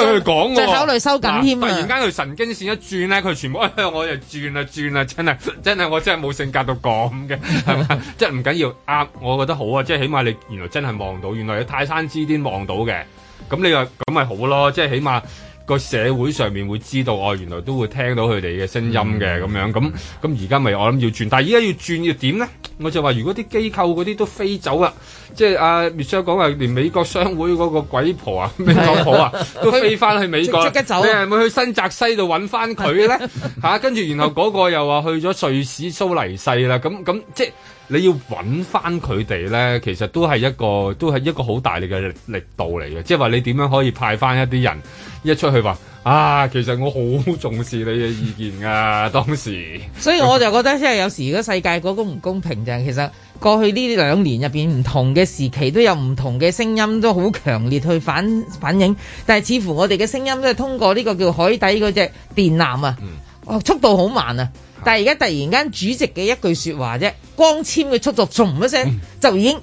佢講我考慮收緊添。突然間佢神經線一轉咧，佢全部向、哎、我就轉啦，轉啦，真係真係我真係冇性格到講嘅，係咪？即係唔緊要啱、啊，我覺得好啊，即係起碼你原來真係望到，原來有泰山之巔望到嘅，咁你話咁咪好咯，即係起碼。個社會上面會知道，哦，原來都會聽到佢哋嘅聲音嘅咁樣，咁咁而家咪我諗要轉，但係而家要轉要點咧？我就話如果啲機構嗰啲都飛走啦，即係阿 Michelle 講話，連美國商會嗰個鬼婆啊、咩鬼 婆啊都飛翻去美國，即刻走。你係咪去新澤西度搵翻佢咧？嚇、 啊，跟住然後嗰個又話去咗瑞士蘇黎世啦，咁咁即係。你要揾翻佢哋咧，其實都係一個，都係一個好大力嘅力度嚟嘅。即係話你點樣可以派翻一啲人一出去話啊？其實我好重視你嘅意見啊！當時，所以我就覺得 即係有時如果世界嗰個唔公平就係、是，其實過去呢兩年入邊唔同嘅時期都有唔同嘅聲音都好強烈去反反映，但係似乎我哋嘅聲音都係通過呢個叫海底嗰隻電纜啊，嗯哦，速度好慢啊！但係而家突然間主席嘅一句說話啫，光纖嘅速度，咚一聲就已經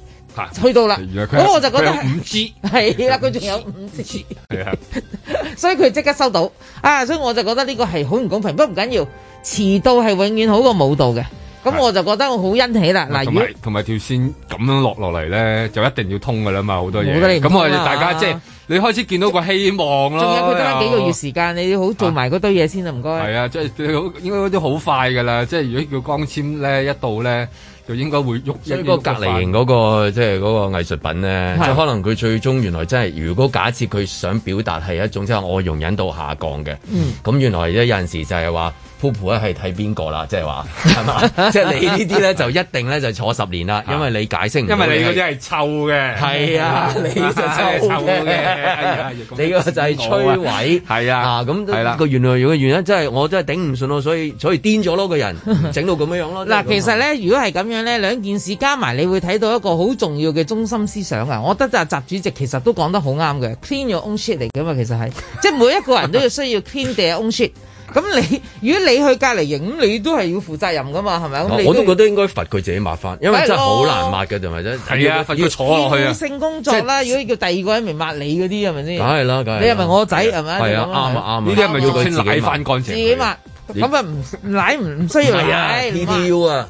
去到啦。咁、嗯、我就覺得係五 G，係啊，佢仲有五 G。所以佢即刻收到啊！所以我就覺得呢個係好唔公平。不過唔緊要，遲到係永遠好過冇到嘅。咁我就覺得我好欣喜啦。嗱，同埋同埋條線咁樣落落嚟咧，就一定要通噶啦嘛，好多嘢。咁、啊、我哋大家即係。就是你開始見到個希望咯，仲有佢得幾個月時間，然後，你好做埋嗰堆嘢先啊，唔該。係啊，即係應該都好快㗎啦。即係如果叫光纖咧一到咧，就應該會喐一。所以隔離型嗰個即係嗰個藝術品咧，即係可能佢最終原來真係，如果假設佢想表達係一種即係我容忍度下降嘅，咁，嗯，原來咧有陣時就係話。鋪鋪係睇邊個啦，即係話，係嘛？即係 你呢啲咧就一定咧就坐十年啦， 因為你解釋唔，因為你嗰啲係臭嘅，係啊， 你係臭嘅， 你個就係摧毀，係 啊，咁係啦，個原來樣嘅原因，即係我真係頂唔順咯，所以所以癲咗咯個人，整到咁樣樣咯。嗱，其實咧，如果係咁樣咧，兩件事加埋，你會睇到一個好重要嘅中心思想啊！我覺得啊，習主席其實都講得好啱嘅，clean your own shit 嚟嘅嘛，其實係，即係 每一個人都要需要 clean their own shit。咁你如果你去隔籬影，你都係要負責任噶嘛，係咪？我都覺得應該罰佢自己抹翻，因為真係好難抹嘅，係咪先？係啊，要坐去啊！性工作啦，如果叫第二個人嚟抹你嗰啲，係咪先？梗係啦，梗係。你係咪我仔係咪？係啊，啱啊，啱啊。呢啲係咪要佢抹翻乾淨？自己抹，咁啊唔奶唔唔需要嚟啊，P D 啊。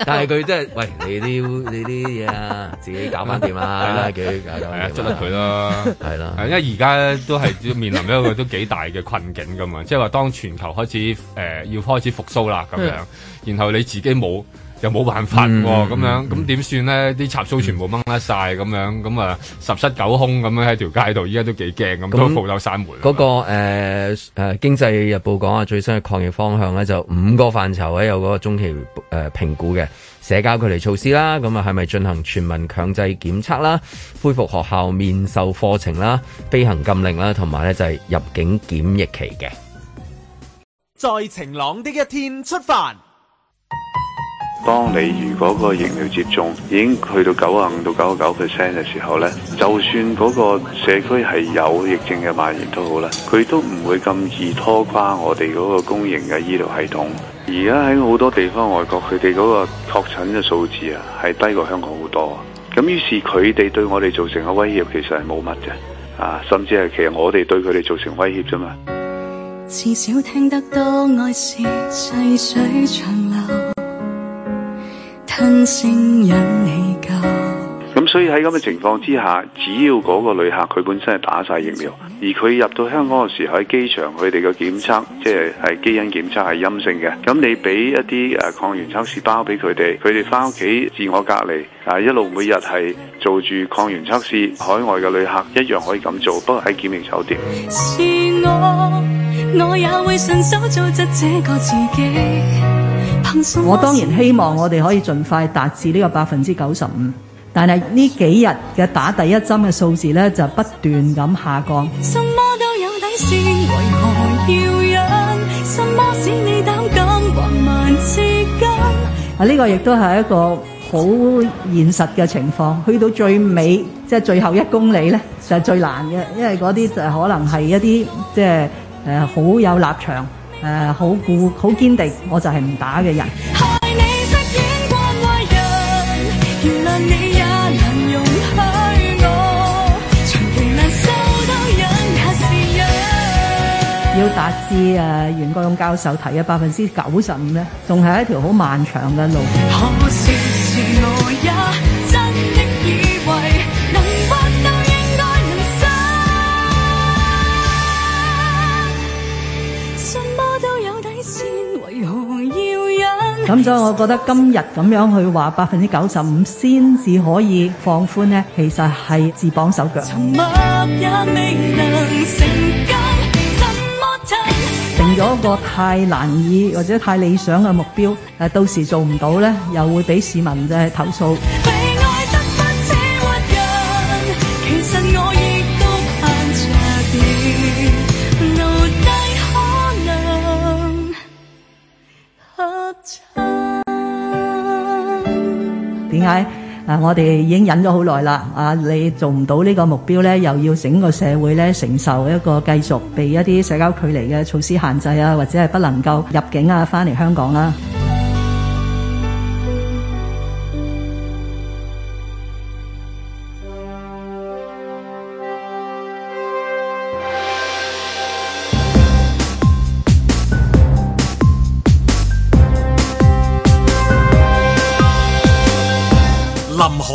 但係佢真係，喂，你啲你啲嘢啊，自己搞翻掂啊！梗係幾搞掂，捉得佢咯，係啦。因為而家都係要面臨一個都幾大嘅困境㗎嘛，即係話當全球開始誒、呃、要開始復甦啦咁樣， 然後你自己冇。又冇辦法喎，咁、嗯、樣咁點算呢？啲插蘇全部掹甩晒，咁樣咁啊十室九空咁樣喺條街度，依家都幾驚咁，嗯、都暴漏散回。嗰、那個誒誒，呃《經濟日報》講啊，最新嘅抗疫方向咧，就五個範疇咧，有嗰個中期誒評、呃、估嘅社交距離措施啦，咁啊係咪進行全民強制檢測啦？恢復學校面授課程啦，飛行禁令啦，同埋咧就係、是、入境檢疫期嘅。在晴朗的一天出發。當你如果個疫苗接種已經去到九十五到九十九 percent 嘅時候呢，就算嗰個社區係有疫症嘅蔓延都好啦，佢都唔會咁易拖垮我哋嗰個公營嘅醫療系統。而家喺好多地方外國，佢哋嗰個確診嘅數字啊，係低過香港好多。咁於是佢哋對我哋造成嘅威脅其實係冇乜嘅，啊，甚至係其實我哋對佢哋造成威脅啫嘛。至少聽得多愛是細水長流。咁、嗯、所以喺咁嘅情況之下，只要嗰個旅客佢本身係打晒疫苗，而佢入到香港嘅時候喺機場佢哋嘅檢測，即係係基因檢測係陰性嘅，咁、嗯、你俾一啲誒、呃、抗原測試包俾佢哋，佢哋翻屋企自我隔離啊，一路每日係做住抗原測試，海外嘅旅客一樣可以咁做，不過喺檢疫酒店。是我我也會。我當然希望我哋可以盡快達至呢個百分之九十五，但係呢幾日嘅打第一針嘅數字咧就不斷咁下降。什麼你還啊，呢個亦都係一個好現實嘅情況。去到最尾，即係最後一公里咧，就係最難嘅，因為嗰啲就係可能係一啲即係誒好有立場。誒，好固好堅定，我就係唔打嘅人。 要達至啊，uh, 袁國勇教授提嘅百分之九十五呢，仲係一條好漫長嘅路。 咁、嗯、所以，我覺得今日咁樣去話百分之九十五先至可以放寬呢，其實係自綁手腳，成咗一個太難以或者太理想嘅目標。誒、啊，到時做唔到咧，又會俾市民即係投訴。點解？啊，我哋已經忍咗好耐啦！啊，你做唔到呢個目標咧，又要整個社會咧承受一個繼續被一啲社交距離嘅措施限制啊，或者係不能夠入境啊，翻嚟香港啦、啊。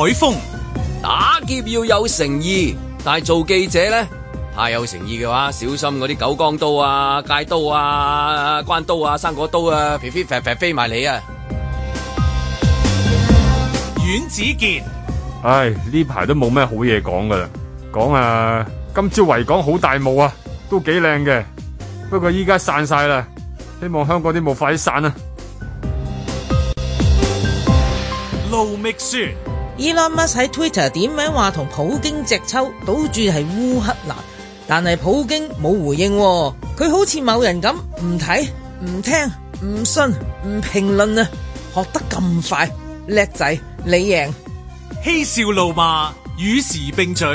海風打劫要有誠意，但係做記者咧太有誠意嘅話，小心嗰啲九江刀啊、戒刀啊、關刀啊、生果刀啊，飛飛飛飛飛埋你啊！阮子健，唉呢排都冇咩好嘢講噶啦，講啊今朝維港好大霧啊，都幾靚嘅，不過依家散晒啦，希望香港啲霧快啲散啊！盧覓雪。伊隆馬斯克喺 Twitter 點名話同普京隻抽，賭住係烏克蘭，但係普京冇回應，佢好似某人咁唔睇、唔聽、唔信、唔評論啊！學得咁快，叻仔，你贏！嬉笑怒罵，與時並進。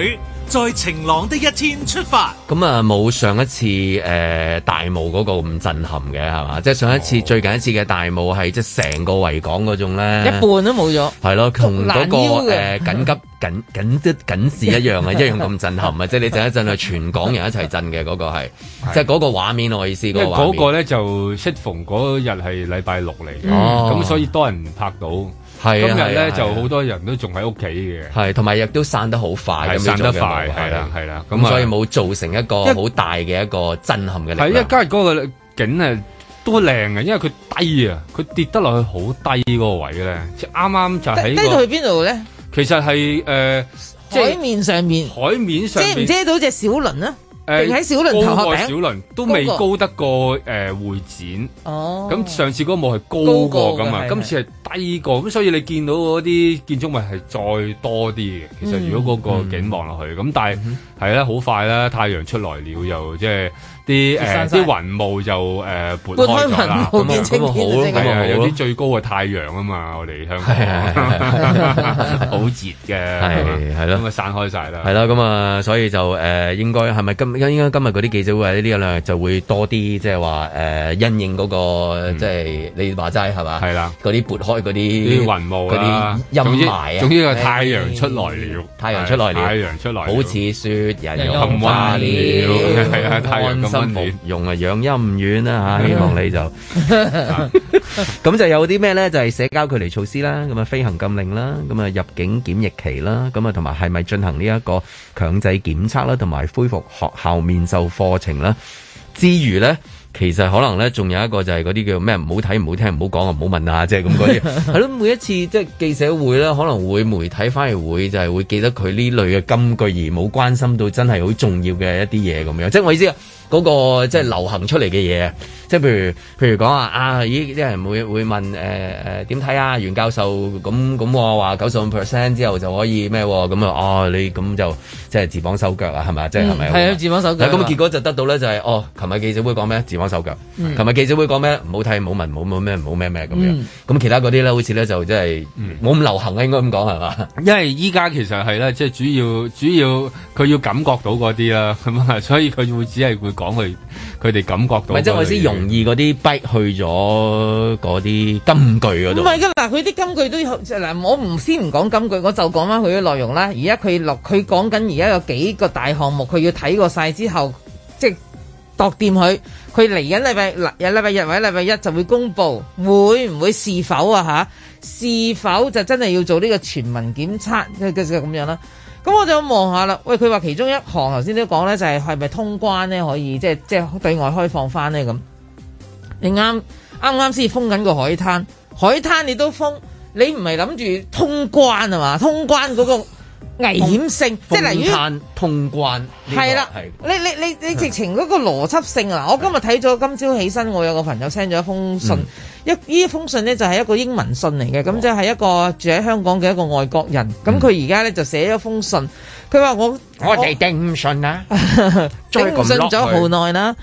在晴朗的一天出發，咁啊冇上一次誒、呃、大霧嗰個咁震撼嘅係嘛？即係、就是、上一次、Oh. 最近一次嘅大霧係即係成個維港嗰種咧，一半都冇咗，係咯了，同嗰、那個誒、呃、緊急緊緊急緊，緊示一樣啊， 一樣咁震撼啊！即係 你震一震係全港人一齊震嘅嗰、那個係，即係嗰個畫面我意思，那個、因為嗰個咧就適逢嗰日係禮拜六嚟，咁所以多人拍到。啊啊啊今日咧、啊啊、就好多人都仲喺屋企嘅，係同埋亦都散得好快，散得快，係啦對，係啦、啊、咁、啊、所以冇造成一個好大嘅一個震撼嘅力量。係，今日嗰個景誒都靚啊，因為佢低啊，佢跌得落去好低嗰個位咧，即啱啱就喺、這個跌，跌到去邊度咧？其實係誒、呃、海面上面，海面上面遮唔遮到隻小輪啊？定喺、呃、小輪頭殼頂，過都未高得過誒、呃、會展。哦，咁上次嗰個冇係高過噶啊，高高今次係低過。咁所以你見到嗰啲建築物係再多啲嘅。嗯、其實如果嗰個景望落去，咁、嗯、但係係咧好快啦，太陽出來了又即、就、係、是。啲誒啲雲霧就誒撥開啦，咁啊好，係啊，有啲最高嘅太陽啊嘛，我哋香港好熱嘅係係咯，咁啊散開晒啦，係啦，咁啊所以就誒應該係咪今應該今日嗰啲記者會呢啲咧就會多啲，即係話誒因應嗰個，即係你話齋係嘛係啦，嗰啲撥開嗰啲雲霧啦，陰霾啊，總之個太陽出來了，太陽出來了，太陽出來好似雪人融化了，係啊太陽。用啊，養陰丸啦吓，希望你就咁 就有啲咩咧，就係、是、社交距離措施啦，咁啊飛行禁令啦，咁啊入境檢疫期啦，咁啊同埋係咪進行呢一個強制檢測啦，同埋恢復學校面授課程啦、啊，之餘咧，其實可能咧，仲有一個就係嗰啲叫咩，唔好睇，唔好聽，唔好講啊，唔好問啊，即係咁嗰啲係咯。 每一次即係、就是、記者會咧，可能會媒體反而會就係、是、會記得佢呢類嘅金句，而冇關心到真係好重要嘅一啲嘢咁樣。即係我意思啊。嗰、那個即係流行出嚟嘅嘢，即係譬如譬如講啊啊，咦！啲人會會問誒誒點睇啊？袁教授咁咁我話九十五 percent 之後就可以咩喎？咁啊哦，你咁就即係自綁手腳啊？係咪即係係咪？係啊！嗯、是是自綁手腳。咁啊、嗯、結果就得到咧就係、是、哦，琴日記者會講咩？自綁手腳。琴日、嗯、記者會講咩？唔好睇，冇問冇唔咩唔好咩咩咁樣。咁、嗯、其他嗰啲咧，好似咧就即係冇咁流行啊，應該咁講係嘛？因為依家其實係咧，即係主要主要佢要感覺到嗰啲啦，咁啊，所以佢會只係管。講佢佢哋感覺到，咪即係我先容易嗰啲逼去咗嗰啲金句嗰度。唔係㗎，嗱佢啲金句都要，嗱我唔先唔講金句，我就講翻佢嘅內容啦。而家佢落佢講緊，而家有幾個大項目，佢要睇過晒之後，即係度掂佢。佢嚟緊禮拜嗱，有禮拜日或者禮拜一就會公布，會唔會是否啊？嚇，是否就真係要做呢個全民檢測？即係咁樣啦。咁我就望下啦。喂，佢話其中一行頭先都講咧，就係係咪通關咧？可以即係即係對外開放翻咧咁？你啱啱啱先封緊個海灘，海灘你都封，你唔係諗住通關啊嘛？通關嗰個危險性，風即係例如通關係啦。你你你你直情嗰個邏輯性啊！嗯。我今日睇咗今朝起身，我有個朋友 send 咗一封信。嗯一呢封信咧就係一個英文信嚟嘅，咁、哦、即係一個住喺香港嘅一個外國人，咁佢而家咧就寫咗封信，佢話我我哋頂唔順啊，頂唔順咗好耐啦。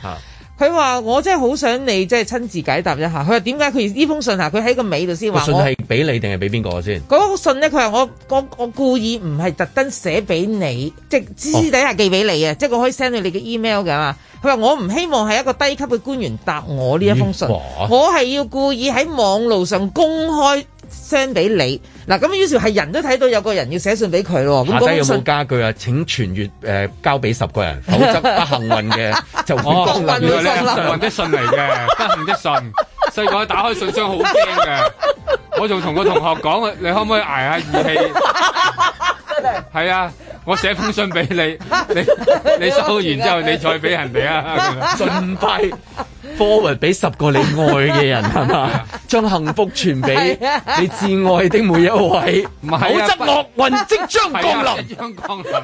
佢話：我真係好想你，即係親自解答一下。佢話點解佢呢封信啊？佢喺個尾度先話信係俾你定係俾邊個先？嗰個信咧，佢話我我，我故意唔係特登寫俾你，即係私底下寄俾你啊！哦、即係佢可以 send 你你嘅 email 㗎嘛？佢話我唔希望係一個低級嘅官員答我呢一封信，嘩我係要故意喺網路上公開。send 俾你嗱，咁、啊、於是係人都睇到有個人要寫信俾佢咯。咁嗰封信，下底有冇加句啊？請傳閱誒交俾十個人，否則不幸運嘅 就唔幫 你收啦。不幸 的信嚟嘅，不幸的信。細個打開信箱好驚嘅，我仲同個同學講你可唔可以挨下義氣？ 係啊，我寫封信俾你，你你收完之後你再俾人哋啊，盡快 forward 俾十個你愛嘅人，係嘛？將、啊、幸福傳俾你至愛的每一位，否則厄運即將降臨。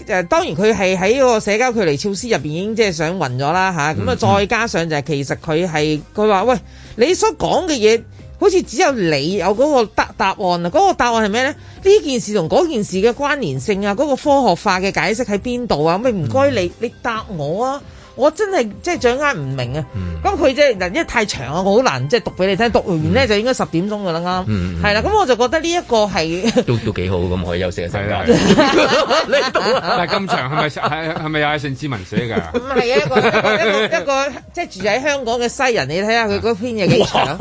誒、呃，當然佢係喺嗰個社交距離措施入邊已經即係想暈咗啦吓，咁啊再加上就係其實佢係佢話喂，你所講嘅嘢好似只有你有嗰個答答案啊，嗰、那個答案係咩呢？呢件事同嗰件事嘅關聯性啊，嗰、那個科學化嘅解釋喺邊度啊？咁咪唔該你你答我啊！我真係即係掌握唔明啊！咁佢即係嗱，因為太長啊，我好難即係讀俾你聽。讀完咧就應該十點鐘噶啦啱，係啦。咁我就覺得呢一個係都都幾好咁，可以休息下世界。但係咁長係咪係係咪又係陳志文寫㗎？唔係一個一個即係住喺香港嘅西人，你睇下佢嗰篇嘢幾長。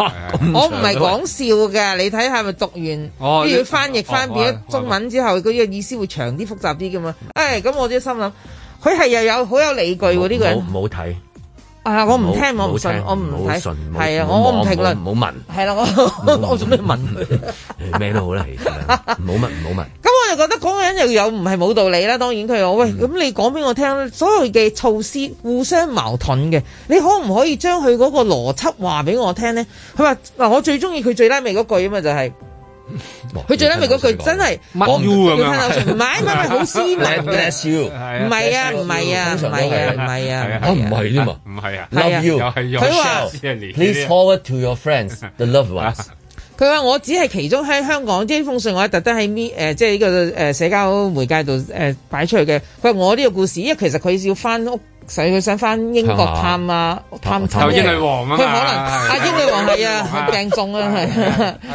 我唔係講笑㗎，你睇下咪讀完，跟住翻譯翻變中文之後，嗰個意思會長啲、複雜啲噶嘛？誒咁，我啲心諗。佢係又有好有理據喎，呢個人我唔好睇啊！我唔聽，我唔信，我唔睇，係啊，我唔評論，唔好問係啦。我我做咩問咩都好啦，其實唔好問唔好問。咁我就覺得嗰個人又有唔係冇道理啦。當然佢話喂，咁你講俾我聽，所有嘅措施互相矛盾嘅，你可唔可以將佢嗰個邏輯話俾我聽咧？佢話嗱，我最中意佢最拉尾嗰句啊嘛，就係。佢最叻咪嗰句真係，唔係唔係唔係好斯文 l e s u 唔係啊唔係啊唔係啊唔係啊，我唔係添嘛，唔係啊，love you，佢話 please forward to your friends the love one，佢話我只係其中喺香港，呢封信我係特登喺咪誒，即係呢個誒社交媒介度誒擺出去嘅，佢話我呢個故事，因為其實佢要翻屋。所以佢想翻英國探啊，探英女王啊，佢可能阿英女王係啊，病重啊，係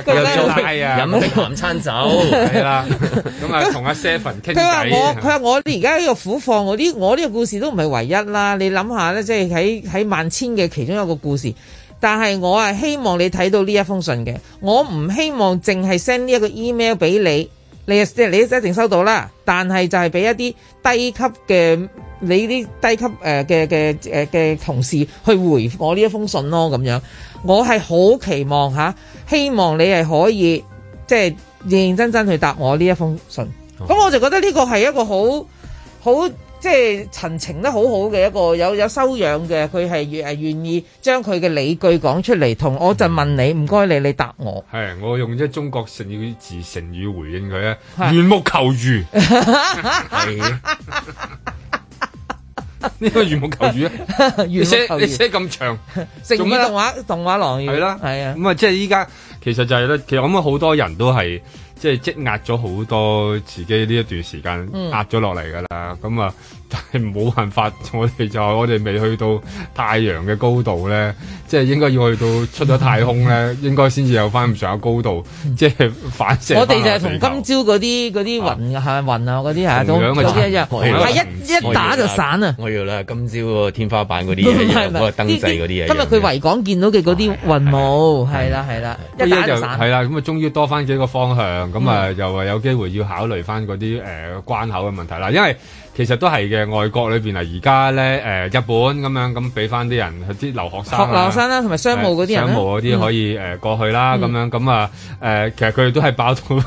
佢都係飲餐酒係啦，咁啊同阿 Seven 傾偈。佢話我，佢話我，而家呢個苦況，我呢，我呢個故事都唔係唯一啦。你諗下咧？即係喺喺萬千嘅其中一個故事。但係我啊，希望你睇到呢一封信嘅，我唔希望淨係 send 呢一個 email 俾你，你即係你一定收到啦。但係就係俾一啲低級嘅。你啲低級誒嘅嘅誒嘅同事去回我呢一封信咯，咁樣我係好期望吓、啊，希望你係可以即係認認真真去答我呢一封信。咁好我就覺得呢個係一個好好即係陳情得好好嘅一個有有修養嘅，佢係誒願意將佢嘅理據講出嚟。同我就問你，唔該你你答我。係我用即係中國成語字成語回應佢咧，緣木是求魚。 是 呢個羽毛球語啊，寫寫咁長，成咗動畫動畫狼語係啦，係啊，咁啊即係依家，其實就係、是、咧，其實我諗，好多人都係即係積壓咗好多自己呢一段時間壓咗落嚟噶啦，咁啊、嗯。但係冇辦法，我哋就係我哋未去到太陽嘅高度咧，即係應該要去到出咗太空咧，應該先至有翻咁上下高度，即係反射。我哋就係同今朝嗰啲嗰啲雲係雲啊嗰啲係一種，係一打就散啊！我要啦，今朝個天花板嗰啲嘢，嗰個燈飾嗰啲嘢。今日佢維港見到嘅嗰啲雲霧，係啦係啦，一打就散係啦。咁啊，終於多翻幾個方向，咁啊又話有機會要考慮翻嗰啲誒關口嘅問題啦，因為。其實都係嘅，外國裏邊啊，而家咧誒日本咁樣咁俾翻啲人啲留學生，學留學生啦、啊，同埋商務嗰啲人、啊，商務嗰啲可以誒過去啦，咁、嗯、樣咁啊誒，嗯嗯、其實佢哋都係爆肚 啦，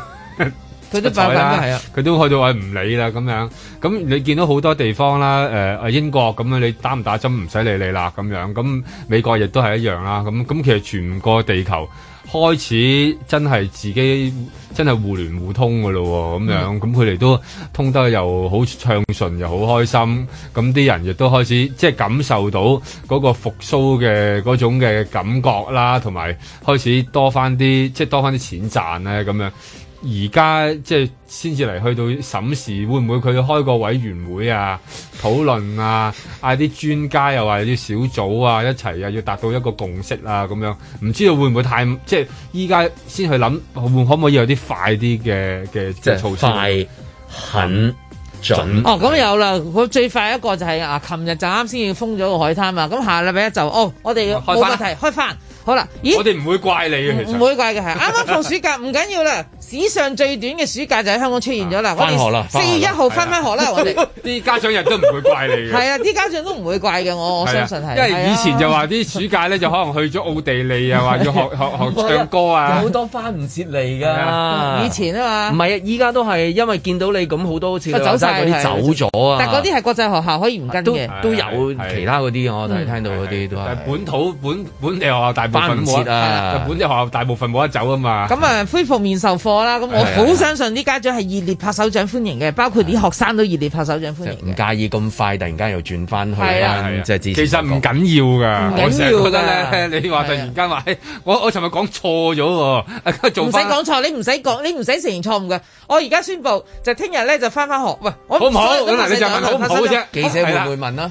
佢都爆緊啊，佢都去到話唔理啦咁樣。咁、嗯、你見到好多地方啦，誒、嗯、啊英國咁樣，你打唔打針唔使理你啦咁樣。咁、嗯、美國亦都係一樣啦。咁、嗯、咁其實全個地球。開始真係自己真係互聯互通嘅咯喎，咁樣咁佢哋都通得又好暢順又好開心，咁啲人亦都開始即係感受到嗰個復甦嘅嗰種嘅感覺啦，同埋開始多返啲即係多返啲錢賺咧咁樣。而家即係先至嚟去到審視，會唔會佢開個委員會啊？討論啊，嗌啲專家又話啲小組啊，一齊又要達到一個共識啊咁樣，唔知道會唔會太即係依家先去諗，可唔可唔可以有啲快啲嘅嘅即係是快措施、很準哦、就是啊？哦，咁有啦，佢最快一個就係啊，琴日就啱先要封咗個海灘啊。咁下禮拜就哦，我哋冇問題，開翻好啦。咦、啊？我哋唔會怪你嘅，其實，唔會怪嘅， 剛剛係啱啱放暑假，唔緊要啦。史上最短嘅暑假就喺香港出現咗啦！我哋四月一號翻返學啦！我哋啲家長亦都唔會怪你嘅，係啊！啲家長都唔會怪嘅，我我相信係。因為以前就話啲暑假咧就可能去咗奧地利啊，話要學學學唱歌啊，好多翻唔切嚟㗎。以前啊嘛，唔係啊！依家都係因為見到你咁好多次走晒嗰啲走咗啊！但嗰啲係國際學校可以唔跟嘅，都有其他嗰啲我哋聽到嗰啲都係。本土本本地學校大部分啊，本地學校大部分冇得走啊嘛。咁啊，恢復面授課。咁我好相信啲家長係熱烈拍手掌歡迎嘅，包括啲學生都熱烈拍手掌歡迎，唔介意咁快突然間又轉翻去啦，即係其實唔緊要㗎，唔緊要㗎。你話突然間話，我我尋日講錯咗喎，唔使講錯，你唔使講，你唔使承認錯誤嘅。我而家宣布就聽日咧就翻返學。喂，好唔好？你就好唔好啫？記者會唔會問啊？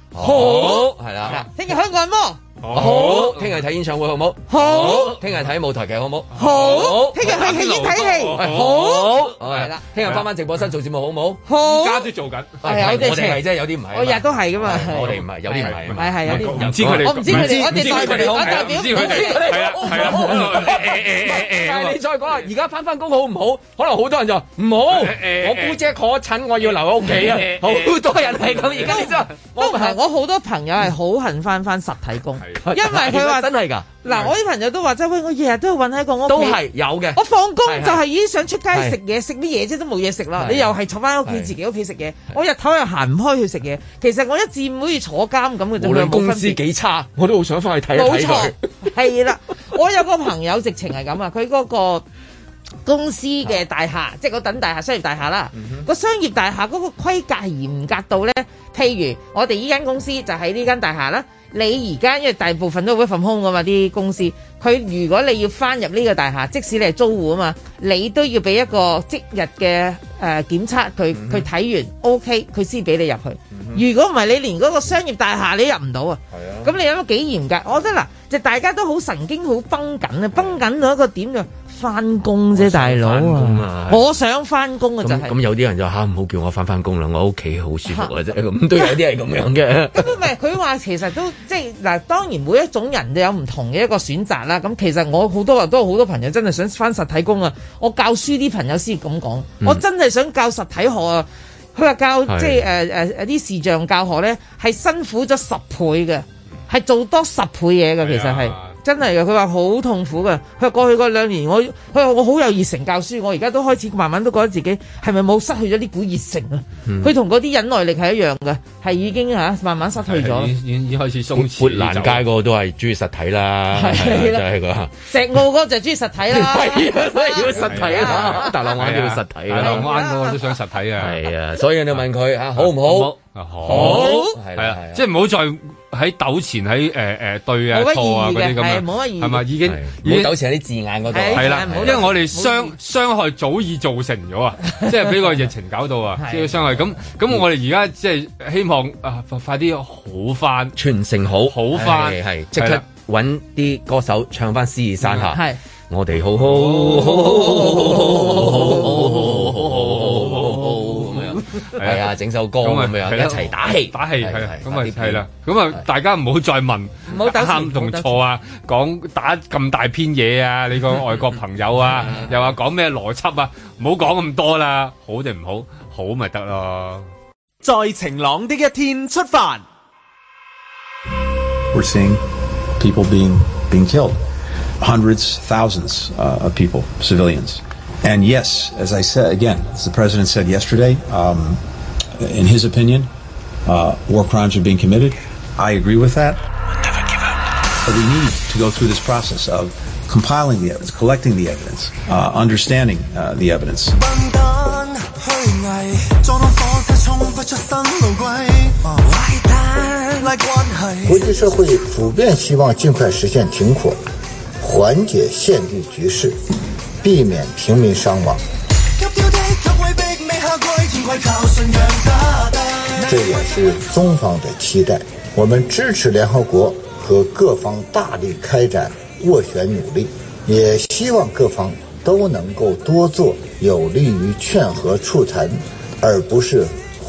好，係啦，聽日香港人。摩。好，聽日睇演唱會好唔好？好，聽日睇舞台劇好唔好？好，聽日去戲院睇戲。好，係啦，聽日翻翻直播室做節目好唔好？好。而家都做緊，我哋係即係有啲唔係。我日都係噶嘛，我哋唔係，有啲唔係。係係有啲唔知佢哋，我唔知佢哋，我哋帶佢哋，但係你再講啊！而家翻返工好唔好？可能好多人就話唔好。我姑姐可趁我要留喺屋企啊！好多人係咁，而家都唔係，我好多朋友係好恨翻返實體工。因為佢話真係噶，嗱啦是我啲朋友都話即係，我日日都要搵喺個屋企，都係有嘅。我放工就係已經想出街食嘢，食乜嘢啫都冇嘢食啦。是是你又係坐翻屋企自己屋企食嘢，是是我日頭又行唔開去食嘢。其實我一至五好似坐監咁嘅，無論公司幾差，我都好想翻去睇一睇。冇錯，係啦，我有個朋友直情係咁啊，佢嗰個。公司嘅大廈，即係嗰等大廈、商業大廈啦。個、嗯、哼商業大廈嗰個規格嚴格到呢，譬如我哋依間公司就喺呢間大廈啦。你而家因為大部分都 work from home 噶嘛，啲公司佢如果你要返入呢個大廈，即使你係租戶啊嘛，你都要俾一個即日嘅誒檢測，佢佢睇完 OK，佢先俾你入去。如果唔係，你連嗰個商業大廈你入唔到啊。咁、嗯、哼你諗下幾嚴格？我覺得嗱，就大家都好神經，好繃緊啊，繃緊到一個點啊。翻工啫，大佬啊！哥啊我想翻工、就係、啊，就係咁。有啲人就嚇唔好叫我翻翻工啦，我屋企好舒服嘅、啊、啫。咁、啊、 都有啲係咁樣嘅。 咁唔係佢話其實都即係嗱，當然每一種人就有唔同嘅一個選擇啦。咁其實我好多都有好多朋友真係想翻實體工啊。我教書啲朋友先咁講，嗯、我真係想教實體學啊。佢話教即係誒誒啲視像教學咧，係辛苦咗十倍嘅，係做多十倍嘢嘅，其實係。 真係嘅，佢話好痛苦嘅。佢話過去嗰兩年，我佢話我好有熱誠教書，我而家都開始慢慢都覺得自己係咪冇失去咗呢股熱誠啊？佢同嗰啲忍耐力係一樣嘅。係已經嚇慢慢失去咗，已已開始鬆弛咗。蘭街嗰個都係中意實體啦，就係個石澳嗰個就中意實體啦，要實體啊！大浪灣要實體啦，大浪灣嗰個都想實體啊！係啊，所以你問佢啊，好唔好？好係啊，即係唔好再喺糾纏喺誒誒對啊套啊嗰啲咁啊，冇乜意義係咪？已經冇糾纏喺啲字眼嗰度係啦，因為我哋傷傷害早已造成咗啊，即係俾個疫情搞到啊，即啲傷害咁咁，我哋而家即係希望。啊！快啲好翻，全城好，好翻，係即刻揾啲歌手唱翻《獅子山下》，係我哋好好好好好好好好好好好好咁樣，係啊，整首歌咁咪樣，一齊打氣，打氣係咁咪係啦，咁啊，大家唔好再問，唔好打喊同錯啊，講打咁大篇嘢啊，你個外國朋友啊，又話講咩邏輯啊，唔好講咁多啦，好定唔好，好咪得咯。在晴朗的一天出發。國際社會普遍希望盡快實現停火，緩解現地局勢，避免平民傷亡。這也是中方的期待。我們支持聯合國和各方大力開展斡旋努力，也希望各方都能夠多做有利於勸和促談，而不是。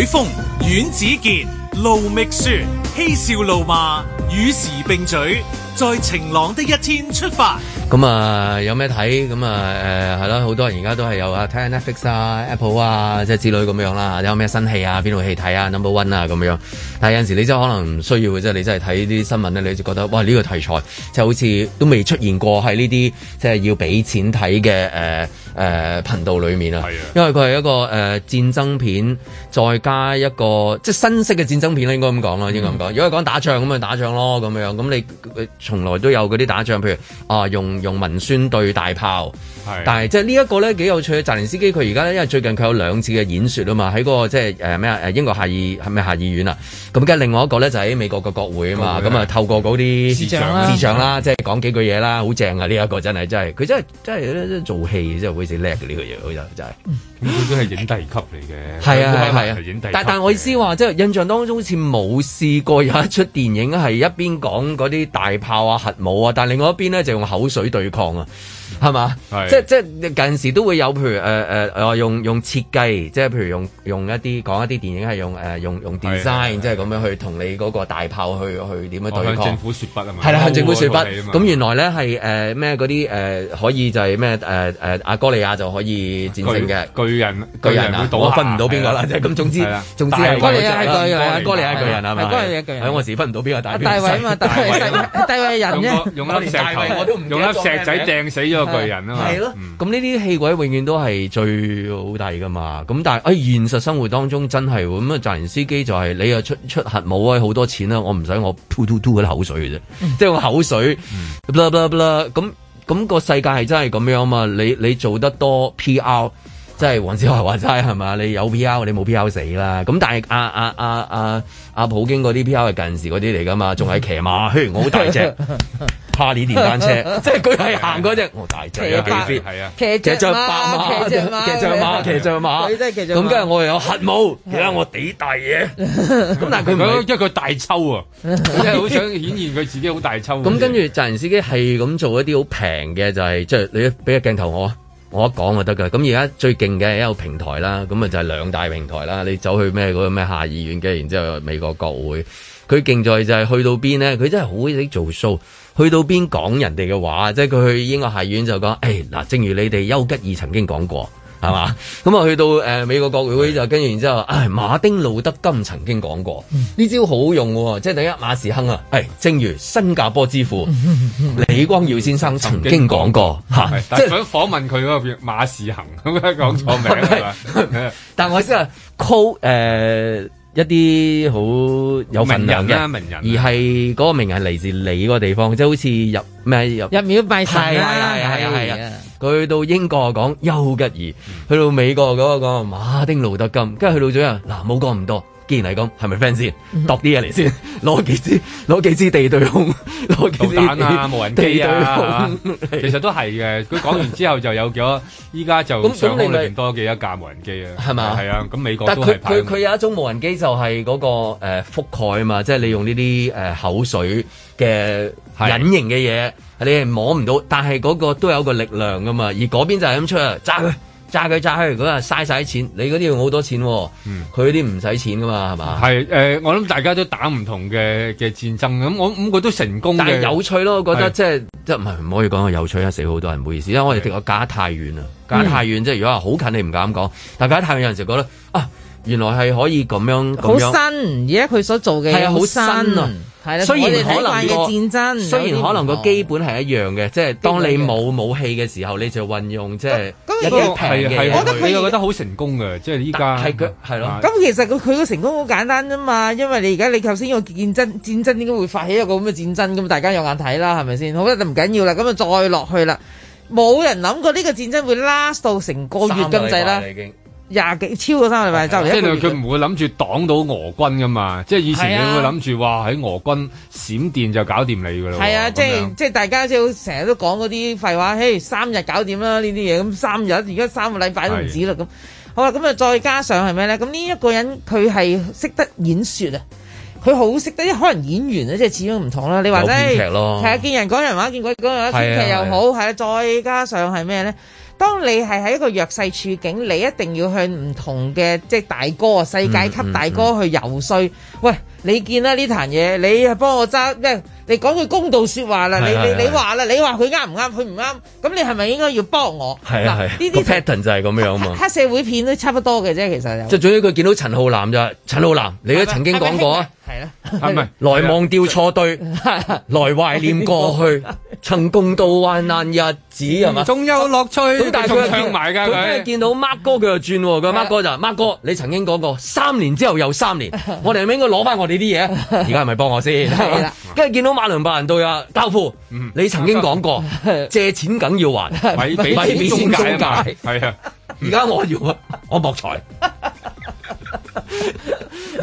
海風、阮子健、盧覓雪，嬉笑怒罵，與時並嘴，在晴朗的一天出發。咁啊，有咩睇？咁、嗯、啊，誒、呃，係咯，好多人而家都係有啊，睇下 Netflix 啊、Apple 啊，即、就、係、是、之類咁樣啦。有咩新戲啊？邊套戲睇啊？Number One 啊，咁樣。但係有陣時你真係可能唔需要嘅，即係你真係睇啲新聞咧，你就覺得哇，呢、這個題材就好似都未出現過喺呢啲，即、就、係、是、要俾錢睇嘅誒。呃誒、呃、頻道裡面啊，因為佢係一個誒、呃、戰爭片，再加一個即係新式嘅戰爭片啦，應該咁講啦，嗯、應該咁講。如果係講打仗咁咪打仗咯咁樣。咁你從來都有嗰啲打仗，譬如啊，用用文宣對大炮。但係即係呢一個咧幾有趣啊！澤連斯基佢而家因為最近佢有兩次嘅演說啊嘛，喺嗰個即係誒咩啊，誒、呃、英國下議，係咪下議院啊？咁跟住另外一個咧就喺美國嘅國會啊嘛，咁啊透過嗰啲視像啦，即係講幾句嘢啦，好正啊！呢、這、一個真係真係，佢真係真係做戲，真係會死叻嘅呢個嘢，好似真係。咁佢都係影帝級嚟嘅，係啊係啊。影帝，但但係我意思話，即係印象當中好似冇試過有一出電影係一邊講嗰啲大炮啊、核武啊，但係另外一邊咧就用口水對抗啊。係嘛？即即近時都會有，譬如誒誒誒用用設計，即係譬如用用一啲講一啲電影係用誒用用 design，即之後咁樣去同你嗰個大炮去去點樣對抗？向政府說不啊嘛！係啦，向政府說不。咁原來咧係誒咩嗰啲誒可以就係咩誒誒阿哥利亞就可以戰勝嘅巨人巨人啊！我分唔到邊個啦。咁總之總之，哥利亞係巨人，哥利亞係巨人係咪？哥利亞巨人。係我自分唔到邊個大。大衛啊嘛，大衛，大衛人啫，用粒石仔掟死咗。巨人啊嘛，係咯，咁呢啲戲鬼永遠都係最好睇噶嘛。咁但係，哎現實生活當中真係，咁啊、就是，責任司機就係你又出出核武啊，好多錢啊。我唔使我吐吐吐嗰啲口水嘅啫，嗯、即係我口水，咁咁、嗯那個世界係真係咁樣啊嘛，你你做得多 P R。即係黃子華話齋係嘛？你有 P.R. 你冇 P.R. 死啦！咁但係阿阿阿阿阿普京嗰啲 P.R. 係近時嗰啲嚟㗎嘛？仲係騎馬圈，我好大隻 p e r r 電單車，即係佢係行嗰隻，我大隻啊幾啊，騎著白馬，騎著馬，騎著馬，佢真係騎著馬。咁跟住我又有核武，而家我幾大嘢？咁但係佢因為佢大抽啊！即係好想顯現佢自己好大抽。咁跟住澤連斯基係咁做一啲好平嘅，就係即係你俾個鏡頭我啊！我一講就得噶，咁而家最勁嘅一個平台啦，咁啊就係兩大平台啦。你走去咩嗰、那個咩下議院嘅，然之後美國國會，佢勁在就係去到邊咧，佢真係好識做 show，去到邊講人哋嘅話，即係佢去英國下議院就講，誒、哎、嗱，正如你哋丘吉爾曾經講過。係嘛？咁啊、嗯，去到誒、呃、美國國會的就跟住然之後，誒、哎、馬丁路德金曾經講過呢、嗯、招好用喎、哦，即係第一馬士亨啊，誒、哎、正如新加坡之父李光耀先生曾經，過經講過嚇，即係、啊、想訪問佢嗰個馬士亨，咁樣講錯名、嗯、吧 但係我意思係 call 一啲好有份量嘅、啊，名人啊、而係嗰個名人嚟自你個地方，即、就、係、是、好似入咩入廟拜神。係係係啊！佢去到英國講丘吉爾，去到美國講、嗰個馬丁路德金，跟住去到咗啊嗱，冇講咁多。既然嚟咁係咪 friend 先？度啲嘢嚟先，攞幾支攞幾支地對空攞幾支導彈啊！無人機啊！其實都係嘅。佢講完之後就有咗，依家就上咗咁多幾架無人機啊？係嘛？係啊！咁美國他都係派。佢有一種無人機就係嗰、嗰個、呃、覆蓋啊嘛，即係你用呢啲誒口水嘅隱形嘅嘢，的你係摸唔到，但係嗰個都有個力量噶嘛。而嗰邊就係咁出嚟揸佢。炸佢炸，如果係嘥晒啲錢，你嗰啲要用好多錢喎。佢啲唔使錢噶嘛，係嘛？係誒，我諗大家都打唔同嘅嘅戰爭咁，我諗佢都成功，但係有趣咯。我覺得即係即係唔係唔可以講係有趣啊，死好多人唔好意思，因為我哋個隔太遠啦，隔太遠即係如果話好近，你唔敢講。但隔太遠，有時覺得啊，原來係可以咁樣咁樣好新，而家佢所做嘅係好新啊，係啦。雖然可能個戰爭，雖然可能個基本係一樣嘅，即係當你冇武器嘅時候，你就運用即係。係係係，你又 覺得好他成功嘅，即係依家係佢咯。咁其實佢佢個成功好簡單啫嘛，因為你而家你頭先個戰爭戰爭，點解會發起一個咁嘅戰爭咁？大家有眼睇啦，係咪先？好啦，就唔緊要啦，咁就再落去啦。冇人諗過呢個戰爭會 last 到成個月咁滯啦。廿幾超過三的個禮拜，周即係佢唔會諗住擋到俄軍噶嘛，即係的以前你會諗住話喺俄軍閃電就搞掂你噶啦。係啊的樣，即係即係大家即係成日都講嗰啲廢話，誒三日搞掂啦，呢啲嘢，咁三日而家三個禮拜都唔止啦咁的。好啦，咁啊再加上係咩咧？咁呢一個人佢係識得演説啊，佢好識得，可能演員啊，即係始終唔同啦。你話齋係啊，見人講人話，見鬼講人話，編劇又好，係啊，再加上係咩咧？當你係喺一個弱勢處境，你一定要向唔同嘅即係大哥、世界級大哥去遊說。嗯嗯嗯、喂，你見啦呢壇嘢，你係幫我揸。哎咩？你講句公道説話啦，你你你話啦，你話佢啱唔啱？佢唔啱，咁你係咪應該要幫我？係啊，呢啲 pattern 就係咁樣嘛。黑社會片都差不多嘅啫，其實就最屘佢見到陳浩南就係陳浩南，你都曾經講過啊。係啦，係咪來忘掉錯對，來懷念過去，曾共度患難日子係嘛？仲有樂趣。咁但係佢唱埋㗎佢。跟住見到 Mark 哥佢又轉㗎，Mark 哥就 Mark 哥，你曾經講過三年之後又三年，我哋係咪應該攞翻我哋啲嘢？而家係咪幫我先？係啦，跟住見到。花兩百人對阿交父，你曾經講過借錢梗要還，咪俾中介，係啊，而家我要啊，我博財。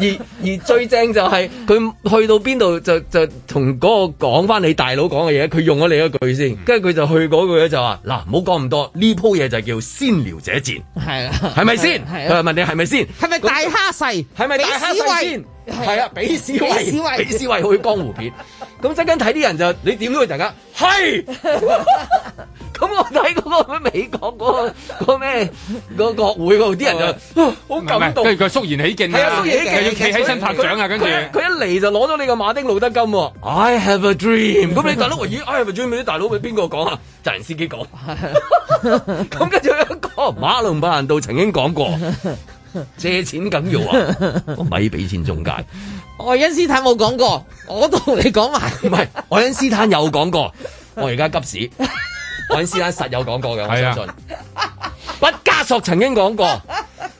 而而最正就係佢去到邊度就就同嗰個講翻你大佬講嘅嘢，佢用咗你一句先，跟住佢就去嗰句咧，就話嗱，唔好講咁多，呢鋪嘢就叫先撩者賤。係啊，係咪先？佢問你係咪先？係咪大蝦細？係咪大蝦細先？係啊， 比小維，比小維去江湖片，咁即係睇啲人就，你點都會大家係，咁 我睇嗰個咩美國嗰個個咩個國會嗰度啲人就好不呼感動，跟住佢肅然、啊啊啊、起敬，係啊肅然起敬，要企起身拍掌啊，跟住佢一嚟就攞咗你個馬丁路德金，I have a dream，咁 你大佬話咦，I have a dream，啲大佬係邊個講啊？就人司機講，咁跟住佢一個馬龍伯蘭道曾經講過。 借錢緊要啊！咪俾錢中介。愛因斯坦冇講過，我都同你講埋，唔係愛因斯坦有講過。我而家急屎，愛因斯坦實有講過嘅，我相信。畢加、啊、索曾經講過，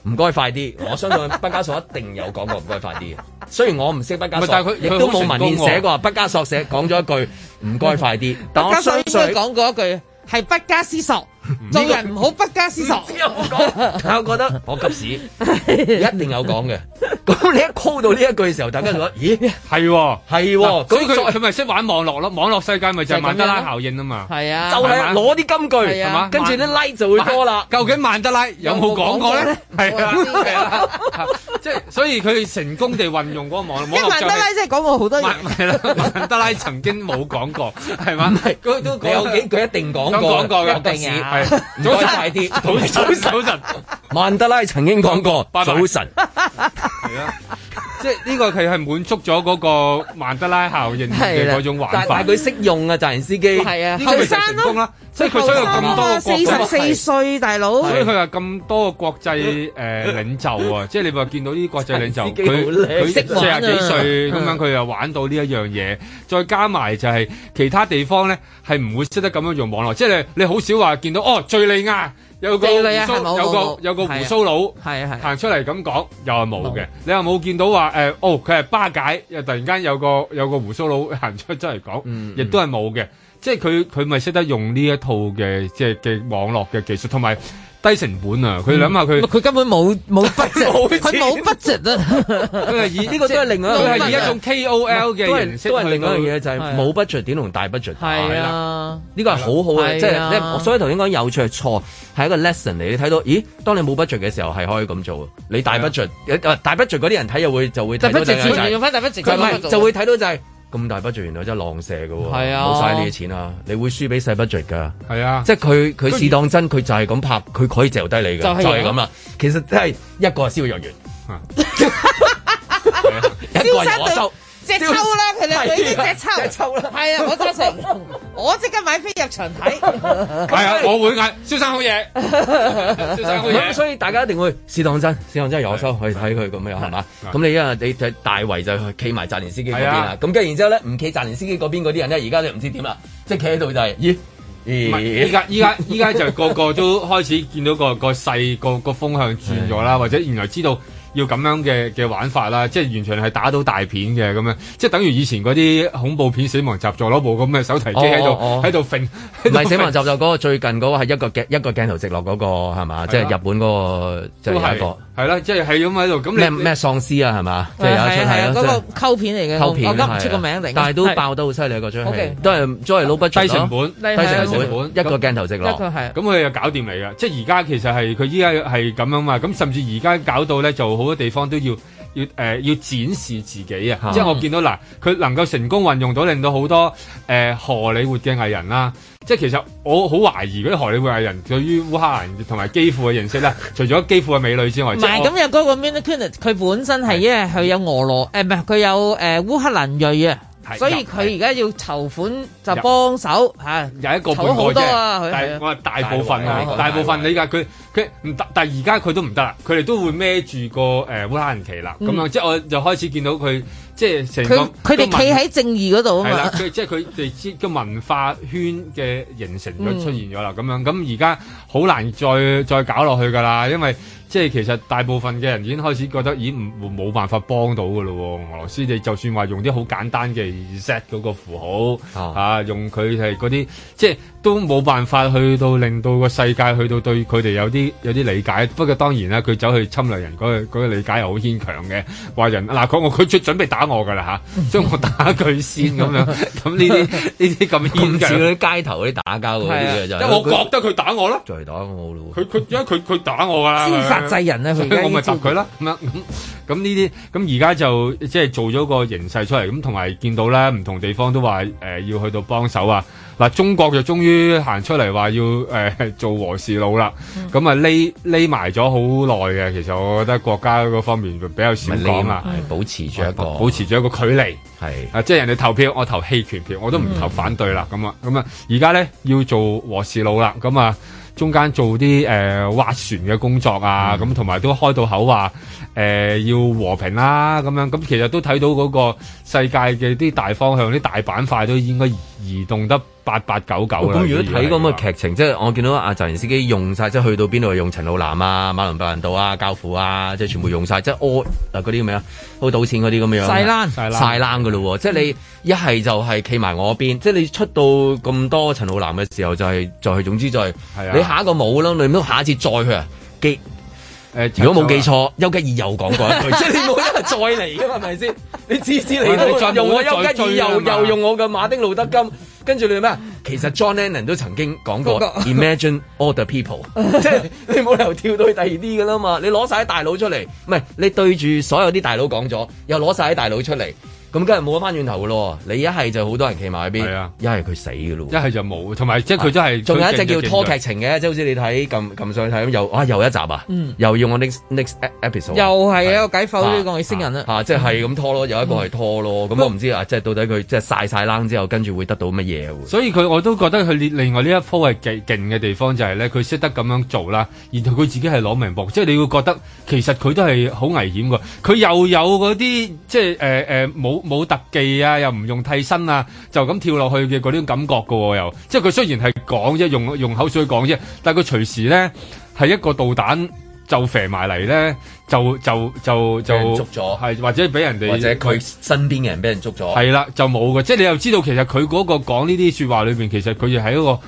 唔該 快啲。我相信畢加索一定有講過，唔該快啲嘅。雖然我唔識畢加，但佢亦都冇文面寫過。畢加 索寫講咗一句，唔該快啲。但我相信講過一句係畢加思索。做人唔好不加思索。但係我覺得我急屎，一定有講嘅。咁你一 call 到呢一句嘅時候，大家覺得咦，係係？咁佢佢咪識玩網絡咯？網絡世界咪就係曼德拉效應啊嘛？係啊，就係攞啲金句係嘛，跟住啲 like 就會多啦。究竟曼德拉有冇講過咧？係啊，即係所以佢成功地運用過網絡。因為曼德拉即係講過好多嘢。曼德拉曾經冇講過係嘛？佢都有幾句一定講過，講過嘅係，唔該快啲。早早晨。曼德拉曾經講過，早晨，係啊，即係呢個佢係滿足咗嗰個曼德拉效應嘅嗰種玩法，但佢識用啊，揸人司機，係啊，後邊就成功啦。即係佢想有咁多國際，四十四歲大佬。所以佢話咁多個國際誒領袖啊，即係你話見到啲國際領袖，佢佢四廿幾歲咁樣，佢又玩到呢一樣嘢。再加埋就係其他地方咧，係唔會識得咁樣用網絡。即係你你好少話見到哦，敍利亞有個鬍鬚有個有個鬍鬚佬，行出嚟咁講，又係冇嘅。你又冇見到話誒，哦，佢係巴解又突然間有個有個鬍鬚佬行出出嚟講，亦都係冇嘅。即係佢佢咪識得用呢一套嘅，即係嘅網絡嘅技術，同埋低成本啊！佢諗下佢，佢根本冇冇 budget，佢冇 budget 啊！佢呢個都係另外，佢係以一種 K O L 嘅都係另外一樣嘢，就係冇 budget 點同大 budget。係啊，呢個係好好嘅，即係所以頭先講有趣係錯，係一個 lesson 嚟。你睇到，咦？當你冇 budget 嘅時候係可以咁做，你大 budget，大 budget 嗰啲人睇又會就會睇到就係。用翻大 budget 就會睇到就係。咁大 budget 原來真係浪射嘅喎，冇 嘥樂你啲錢啊！你會輸俾細 budget 噶，係啊！即係佢佢試當真，佢就係咁拍，佢可以嚼低你嘅就係咁啊！其實真係一個係蕭若元，一個係我收。隻抽啦，佢哋，佢已經隻抽，係啊，我贊成，我即刻買飛入場睇。係啊，我會嗌，蕭生好嘢，蕭生好嘢。所以大家一定會試當真，試當真有收去睇佢咁樣係嘛？咁你依家你大圍就企埋澤連司機嗰邊啦。咁跟住然之後咧，唔企澤連司機嗰邊嗰啲人咧，而家就唔知點啦。即係企喺度就係，咦？而家依家依家就個個都開始見到個個細個個風向轉咗啦，或者原來知道。要咁樣嘅嘅玩法啦，即係完全係打到大片嘅咁樣，即係等於以前嗰啲恐怖片《死亡習作》攞部咁嘅手提機喺度喺度揈，唔係、oh, oh, oh.《死亡習作、那個》嗰個最近嗰個係一個鏡一個鏡頭直落嗰、那個係嘛？的即係日本嗰個就係有一個。係啦，即係係咁喺度。咁咩咩喪屍啊，係嘛？即係嗰個溝片嚟嘅，我覺出個名嚟。但係都爆得好犀利個張戲，都係作為老闆低成本、低成本一個鏡頭直落。咁佢又搞掂嚟嘅。即係而家其實係佢依家係咁樣嘛。咁甚至而家搞到咧，就好多地方都要。要誒要展示自己啊！即係我見到嗱，佢能夠成功運用到令到好多誒荷里活嘅藝人啦。即係其實我好懷疑嗰啲荷里活藝人對於烏克蘭同埋基輔嘅認識啦。除咗基輔嘅美女之外，唔係咁樣嗰個 Mila Kunis，佢本身係因為佢有俄羅誒唔係佢有誒烏克蘭裔啊，所以佢而家要籌款就幫手有一嚇，湊好多啊佢。我係大部分啊，大部分你依家佢。唔得，但而家佢都唔得啦，佢哋都會孭住個誒烏克蘭旗啦，咁、嗯、樣即係我就開始見到佢即係成個佢哋企喺正義嗰度啊嘛，係啦，即係佢哋啲個文化圈嘅形成咗出現咗啦，咁、嗯、樣咁而家好難再再搞落去噶啦，因為即係其實大部分嘅人已經開始覺得已經，咦唔冇冇辦法幫到噶咯，俄羅斯你就算話用啲好簡單嘅 Z 嗰個符號、嗯、啊，用佢係嗰啲即係。都冇辦法去到令到個世界去到對佢哋有啲有啲理解，不過當然啦，佢走去侵略人嗰個嗰個理解又好牽強嘅，話人嗱，佢我佢準備打我噶啦吓，將 我打佢先咁樣，咁呢啲呢啲咁牽強啲街頭嗰啲打交嗰啲我覺得佢打我咯，再打我咯，佢佢佢打我噶啦，先殺制人咧、啊，咁我咪答佢啦，咁咁呢啲咁而家就即係做咗個形勢出嚟，咁同埋見到咧唔同地方都話誒要去到幫手啊。 嗱，中國就終於行出嚟話要誒、呃、做和事佬啦，咁啊匿匿埋咗好耐嘅，其實我覺得國家嗰方面比較少講啦，保持住一個保持住一個距離，係啊，即係人哋投票，我投棄權票，我都唔投反對啦，咁啊咁啊，而家咧要做和事佬啦，咁啊中間做啲誒、呃、斡旋嘅工作啊，咁同埋都開到口話誒、呃、要和平啦、啊，咁樣咁其實都睇到嗰個世界嘅啲大方向，啲大板塊都應該移動得八八九九啦。咁如果睇咁嘅劇情，即係我見到阿執勤司機用晒，即係去到邊度用陳浩南啊、馬龍白蘭度啊、教父啊，即係全部用晒，即係 all 嗱嗰啲咩啊，好賭錢嗰啲咁樣。晒冷，晒冷嘅咯，即係你一係就係企埋我邊，即係你出到咁多陳浩南嘅時候，就係就係總之就係。你下一個冇啦，你都下一次再去啊？記誒，如果冇記錯，丘吉爾又講過一句，即係你冇可能再嚟噶嘛？係咪先？你次次嚟都用我丘吉爾，又又用我嘅馬丁路德金。跟住你咩？其實 John Lennon 都曾經講過 ，Imagine other people， 即係你冇理由跳到去第二啲㗎啦嘛。你攞晒啲大佬出嚟，唔係你對住所有啲大佬講咗，又攞晒啲大佬出嚟。咁梗係冇翻轉頭嘅咯，你一係就好多人企埋喺邊，一係佢死嘅咯，一係就冇，同埋即係佢都係。仲有一隻叫拖劇情嘅，即係好似你睇撳撳上去睇咁，又啊又一集啊，又要我 next next episode，又係解剖呢個外星人啊，即係咁拖咯，有一個係拖咯，咁我唔知啊，即係到底佢即係晒晒冷之後，跟住會得到乜嘢喎。所以佢我都覺得佢另外呢一科係勁嘅地方就係咧，佢識得咁樣做啦，然後佢自己係攞名目，即係你會覺得其實佢都係好危險嘅，佢又有嗰啲即係誒誒冇。冇特技啊，又唔用替身啊，就咁跳落去嘅嗰啲感覺噶，又即係佢雖然係講啫，用用口水講啫，但係佢隨時咧係一個導彈就射埋嚟咧，就就就就捉咗，係或者俾人哋或者佢身邊嘅人俾人捉咗，係啦就冇嘅，即係你又知道其實佢嗰個講呢啲說話裏邊，其實佢就係一個。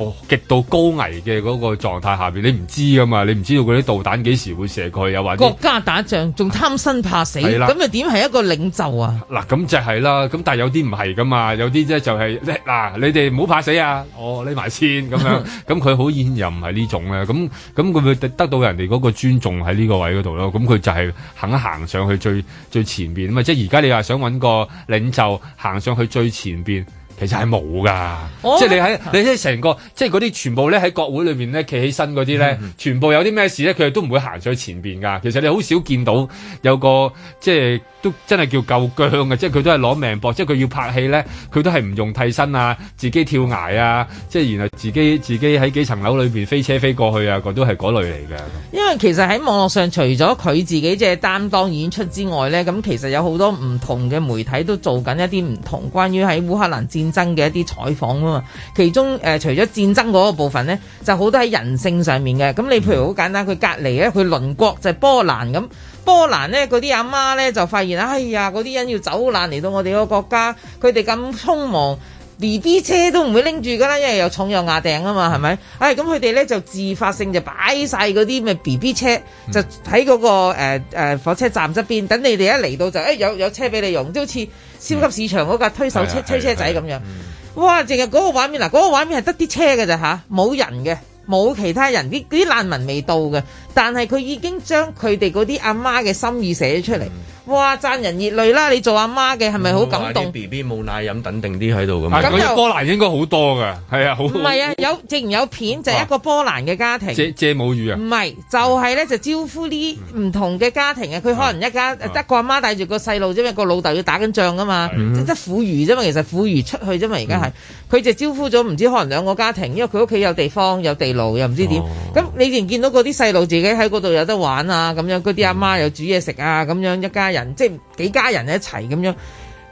哦、極度高危嘅嗰個狀態下邊，你唔知噶嘛？你唔知道嗰啲導彈幾時會射過去，又或者國家打仗仲貪生怕死，咁又點係一個領袖啊？嗱、啊，咁就係啦。咁但係有啲唔係噶嘛，有啲即係就係叻嗱，你哋唔好怕死啊！哦，匿埋先咁樣，咁佢好顯又唔係呢種咧。咁咁佢會得到人哋嗰個尊重喺呢個位嗰度咯。咁佢就係肯行上去最最前邊啊嘛。即係而家你話想搵個領袖行上去最前邊。其實係冇㗎，哦、即係你喺你即係成個即係嗰啲全部咧喺國會裏面咧企起身嗰啲咧，嗯嗯全部有啲咩事咧，佢哋都唔會行去前邊㗎。其實你好少見到有個即係都真係叫夠僵嘅，即係佢都係攞命搏，即係佢要拍戲咧，佢都係唔用替身啊，自己跳崖啊，即係然後自己自己喺幾層樓裏邊飛車飛過去啊，個都係嗰類嚟嘅。因為其實喺網絡上，除咗佢自己即係擔當演出之外咧，咁其實有好多唔同嘅媒體都做緊一啲唔同關於喺烏克蘭戰爭嘅一啲採訪啊嘛，其中誒、呃、除咗戰爭嗰個部分呢，就好多喺人性上面嘅。咁你譬如好簡單，佢隔籬咧，佢鄰國就係、波蘭咁，波蘭呢，嗰啲阿媽呢，就發現，哎呀，嗰啲人要走難嚟到我哋個國家，佢哋咁匆忙。B B 車都唔會拎住噶啦，因為又重又壓頂啊嘛，係咪？唉、哎，咁佢哋咧就自發性就擺晒嗰啲咩 B B 車，就喺嗰、那個誒、呃呃、火車站側邊等你哋一嚟到就，誒、哎、有有車俾你用，即好似超級市場嗰架推手推車、嗯、車、車仔咁樣。嗯、哇！淨係嗰個畫面嗱，嗰、那個畫面係得啲車嘅咋吓，冇、啊、人嘅，冇其他人，啲啲難民未到嘅。但係佢已經將佢哋嗰啲阿媽嘅心意寫咗出嚟，哇！讚人熱淚啦！你做阿媽嘅係咪好感動？BB 冇奶飲，等定啲喺度咁。咁有波蘭應該好多㗎，係啊，好多。唔係啊，有自然有片就一個波蘭嘅家庭。借母語啊？唔係，就係咧就招呼啲唔同嘅家庭啊！佢可能一家得個阿媽帶住個細路啫嘛，個老豆要打緊仗啊嘛，即係婦孺啫嘛，其實婦孺出去啫嘛，而家係佢就招呼咗唔知可能兩個家庭，因為佢屋企有地方有地牢又唔知點。咁你連見到嗰啲細路自己喺嗰度有得玩啊，咁樣嗰啲阿媽有煮嘢食啊，咁樣一家人即係幾家人一齊咁樣，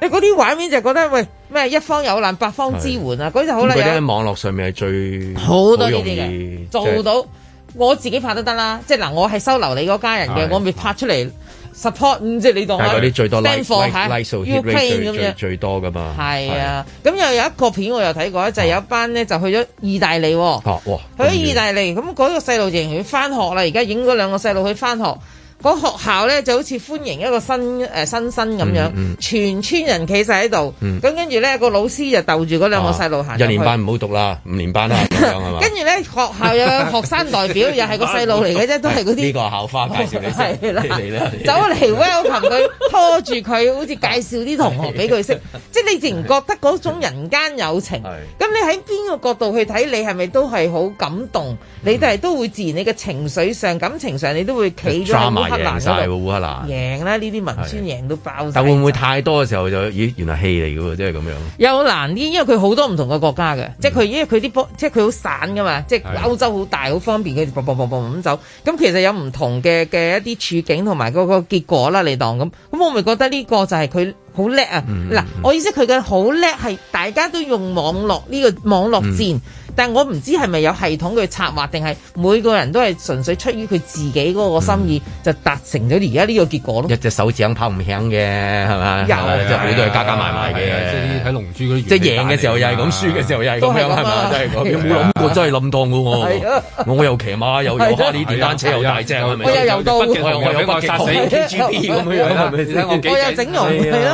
你嗰啲畫面就覺得喂咩，一方有難八方支援啊，嗰啲的就好靚、啊。嗰啲喺網絡上面係最好多呢啲嘅，做到、就是、我自己拍都得啦，即係嗱我係收留你嗰家人嘅，的我未拍出嚟。support 唔知你講啊，stand for 嚇 Ukraine 咁樣最多噶、like, like, like, like, so like、嘛，係啊，咁、啊、又有一個片我又睇過咧，就係、有一班咧就去咗意大利喎、哦，啊、去咗意大利，咁嗰個細路就要翻學啦，而家影嗰兩個細路去翻學。個學校咧就好似歡迎一個新誒新生咁樣，全村人企晒喺度，咁跟住咧個老師就逗住嗰兩個細路行。一年班唔好讀啦，五年班啦咁樣，係嘛？跟住咧學校有學生代表，又係個細路嚟嘅啫，都係嗰啲。呢個校花介紹啲細路嚟啦，走嚟 welcome 佢，拖住佢，好似介紹啲同學俾佢識。即係你自然覺得嗰種人間友情，咁你喺邊個角度去睇，你係咪都係好感動？你都係都會自然，你嘅情緒上、感情上，你都會企咗。黑烏克蘭贏啦！呢啲文宣贏都爆！但會唔會太多嘅時候就咦？原來戲嚟嘅喎，即係咁樣。有難啲，因為佢好多唔同嘅國家嘅，即係佢因為佢啲波，即係佢好散㗎嘛，即係歐洲好大好方便，佢嘣嘣嘣嘣咁走。咁其實有唔同嘅嘅一啲處境同埋嗰個結果啦，你當咁。咁我咪覺得呢個就係佢好叻啊！嗱，我意思佢嘅好叻係大家都用網絡呢個網絡戰。但我唔知係咪有系統去策劃，定係每個人都係純粹出於佢自己嗰個心意就達成咗而家呢個結果咯。一隻手指硬拍唔響嘅係嘛？即係好多係加加埋埋嘅，即係喺《龍珠》嗰啲。即係贏嘅時候又係咁，輸嘅時候又係咁，係嘛？真係咁，冇諗過真係諗當㗎我。我又騎馬又揸啲電單車又大隻，我又遊渡，我有殺死 D C P 咁樣，我又整容係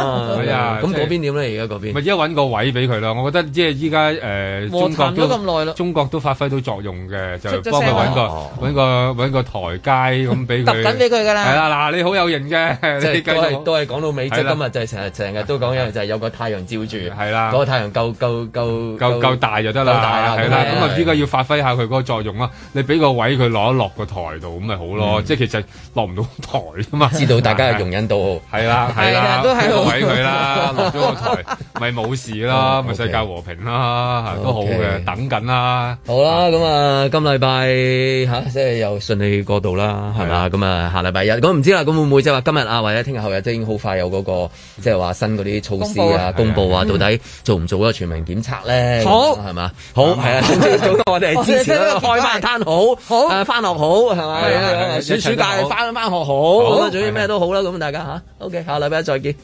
啊！咁嗰邊點咧？而家嗰邊咪而家揾個位俾佢咯？我覺得即係依家誒，咗咁中國都發揮到作用嘅，就幫佢揾個揾個揾個台階咁俾佢等緊俾佢㗎啦。係啦，嗱，你好有型啫。即係都係講到美，即今日就係成日成日都講一樣，就係有個太陽照住，係啦，嗰個太陽夠夠夠夠夠大就得啦，夠大啦，係啦。咁啊，邊個要發揮下佢嗰個作用啊？你俾個位佢落一落個台度，咁咪好咯。即係其實落唔到台㗎嘛。知道大家嘅容忍度，係啦係啦，都喺度位佢啦，落咗個台咪冇事啦，咪世界和平啦，都好嘅，等緊。啊，好啦，咁啊，今禮拜吓即係又順利過渡啦，係嘛，咁啊下禮拜日，我唔知啦，咁會唔會即係話今日啊或者聽日後日即係已經好快有嗰個即係話新嗰啲措施啊公布啊，到底做唔做嗰個全民檢測咧？好係嘛，好係啊，早啲我哋支持啦，開飯攤好好，翻學好係嘛，暑暑假翻翻學好，總之啲咩都好啦，咁大家吓，OK，下禮拜一，再見。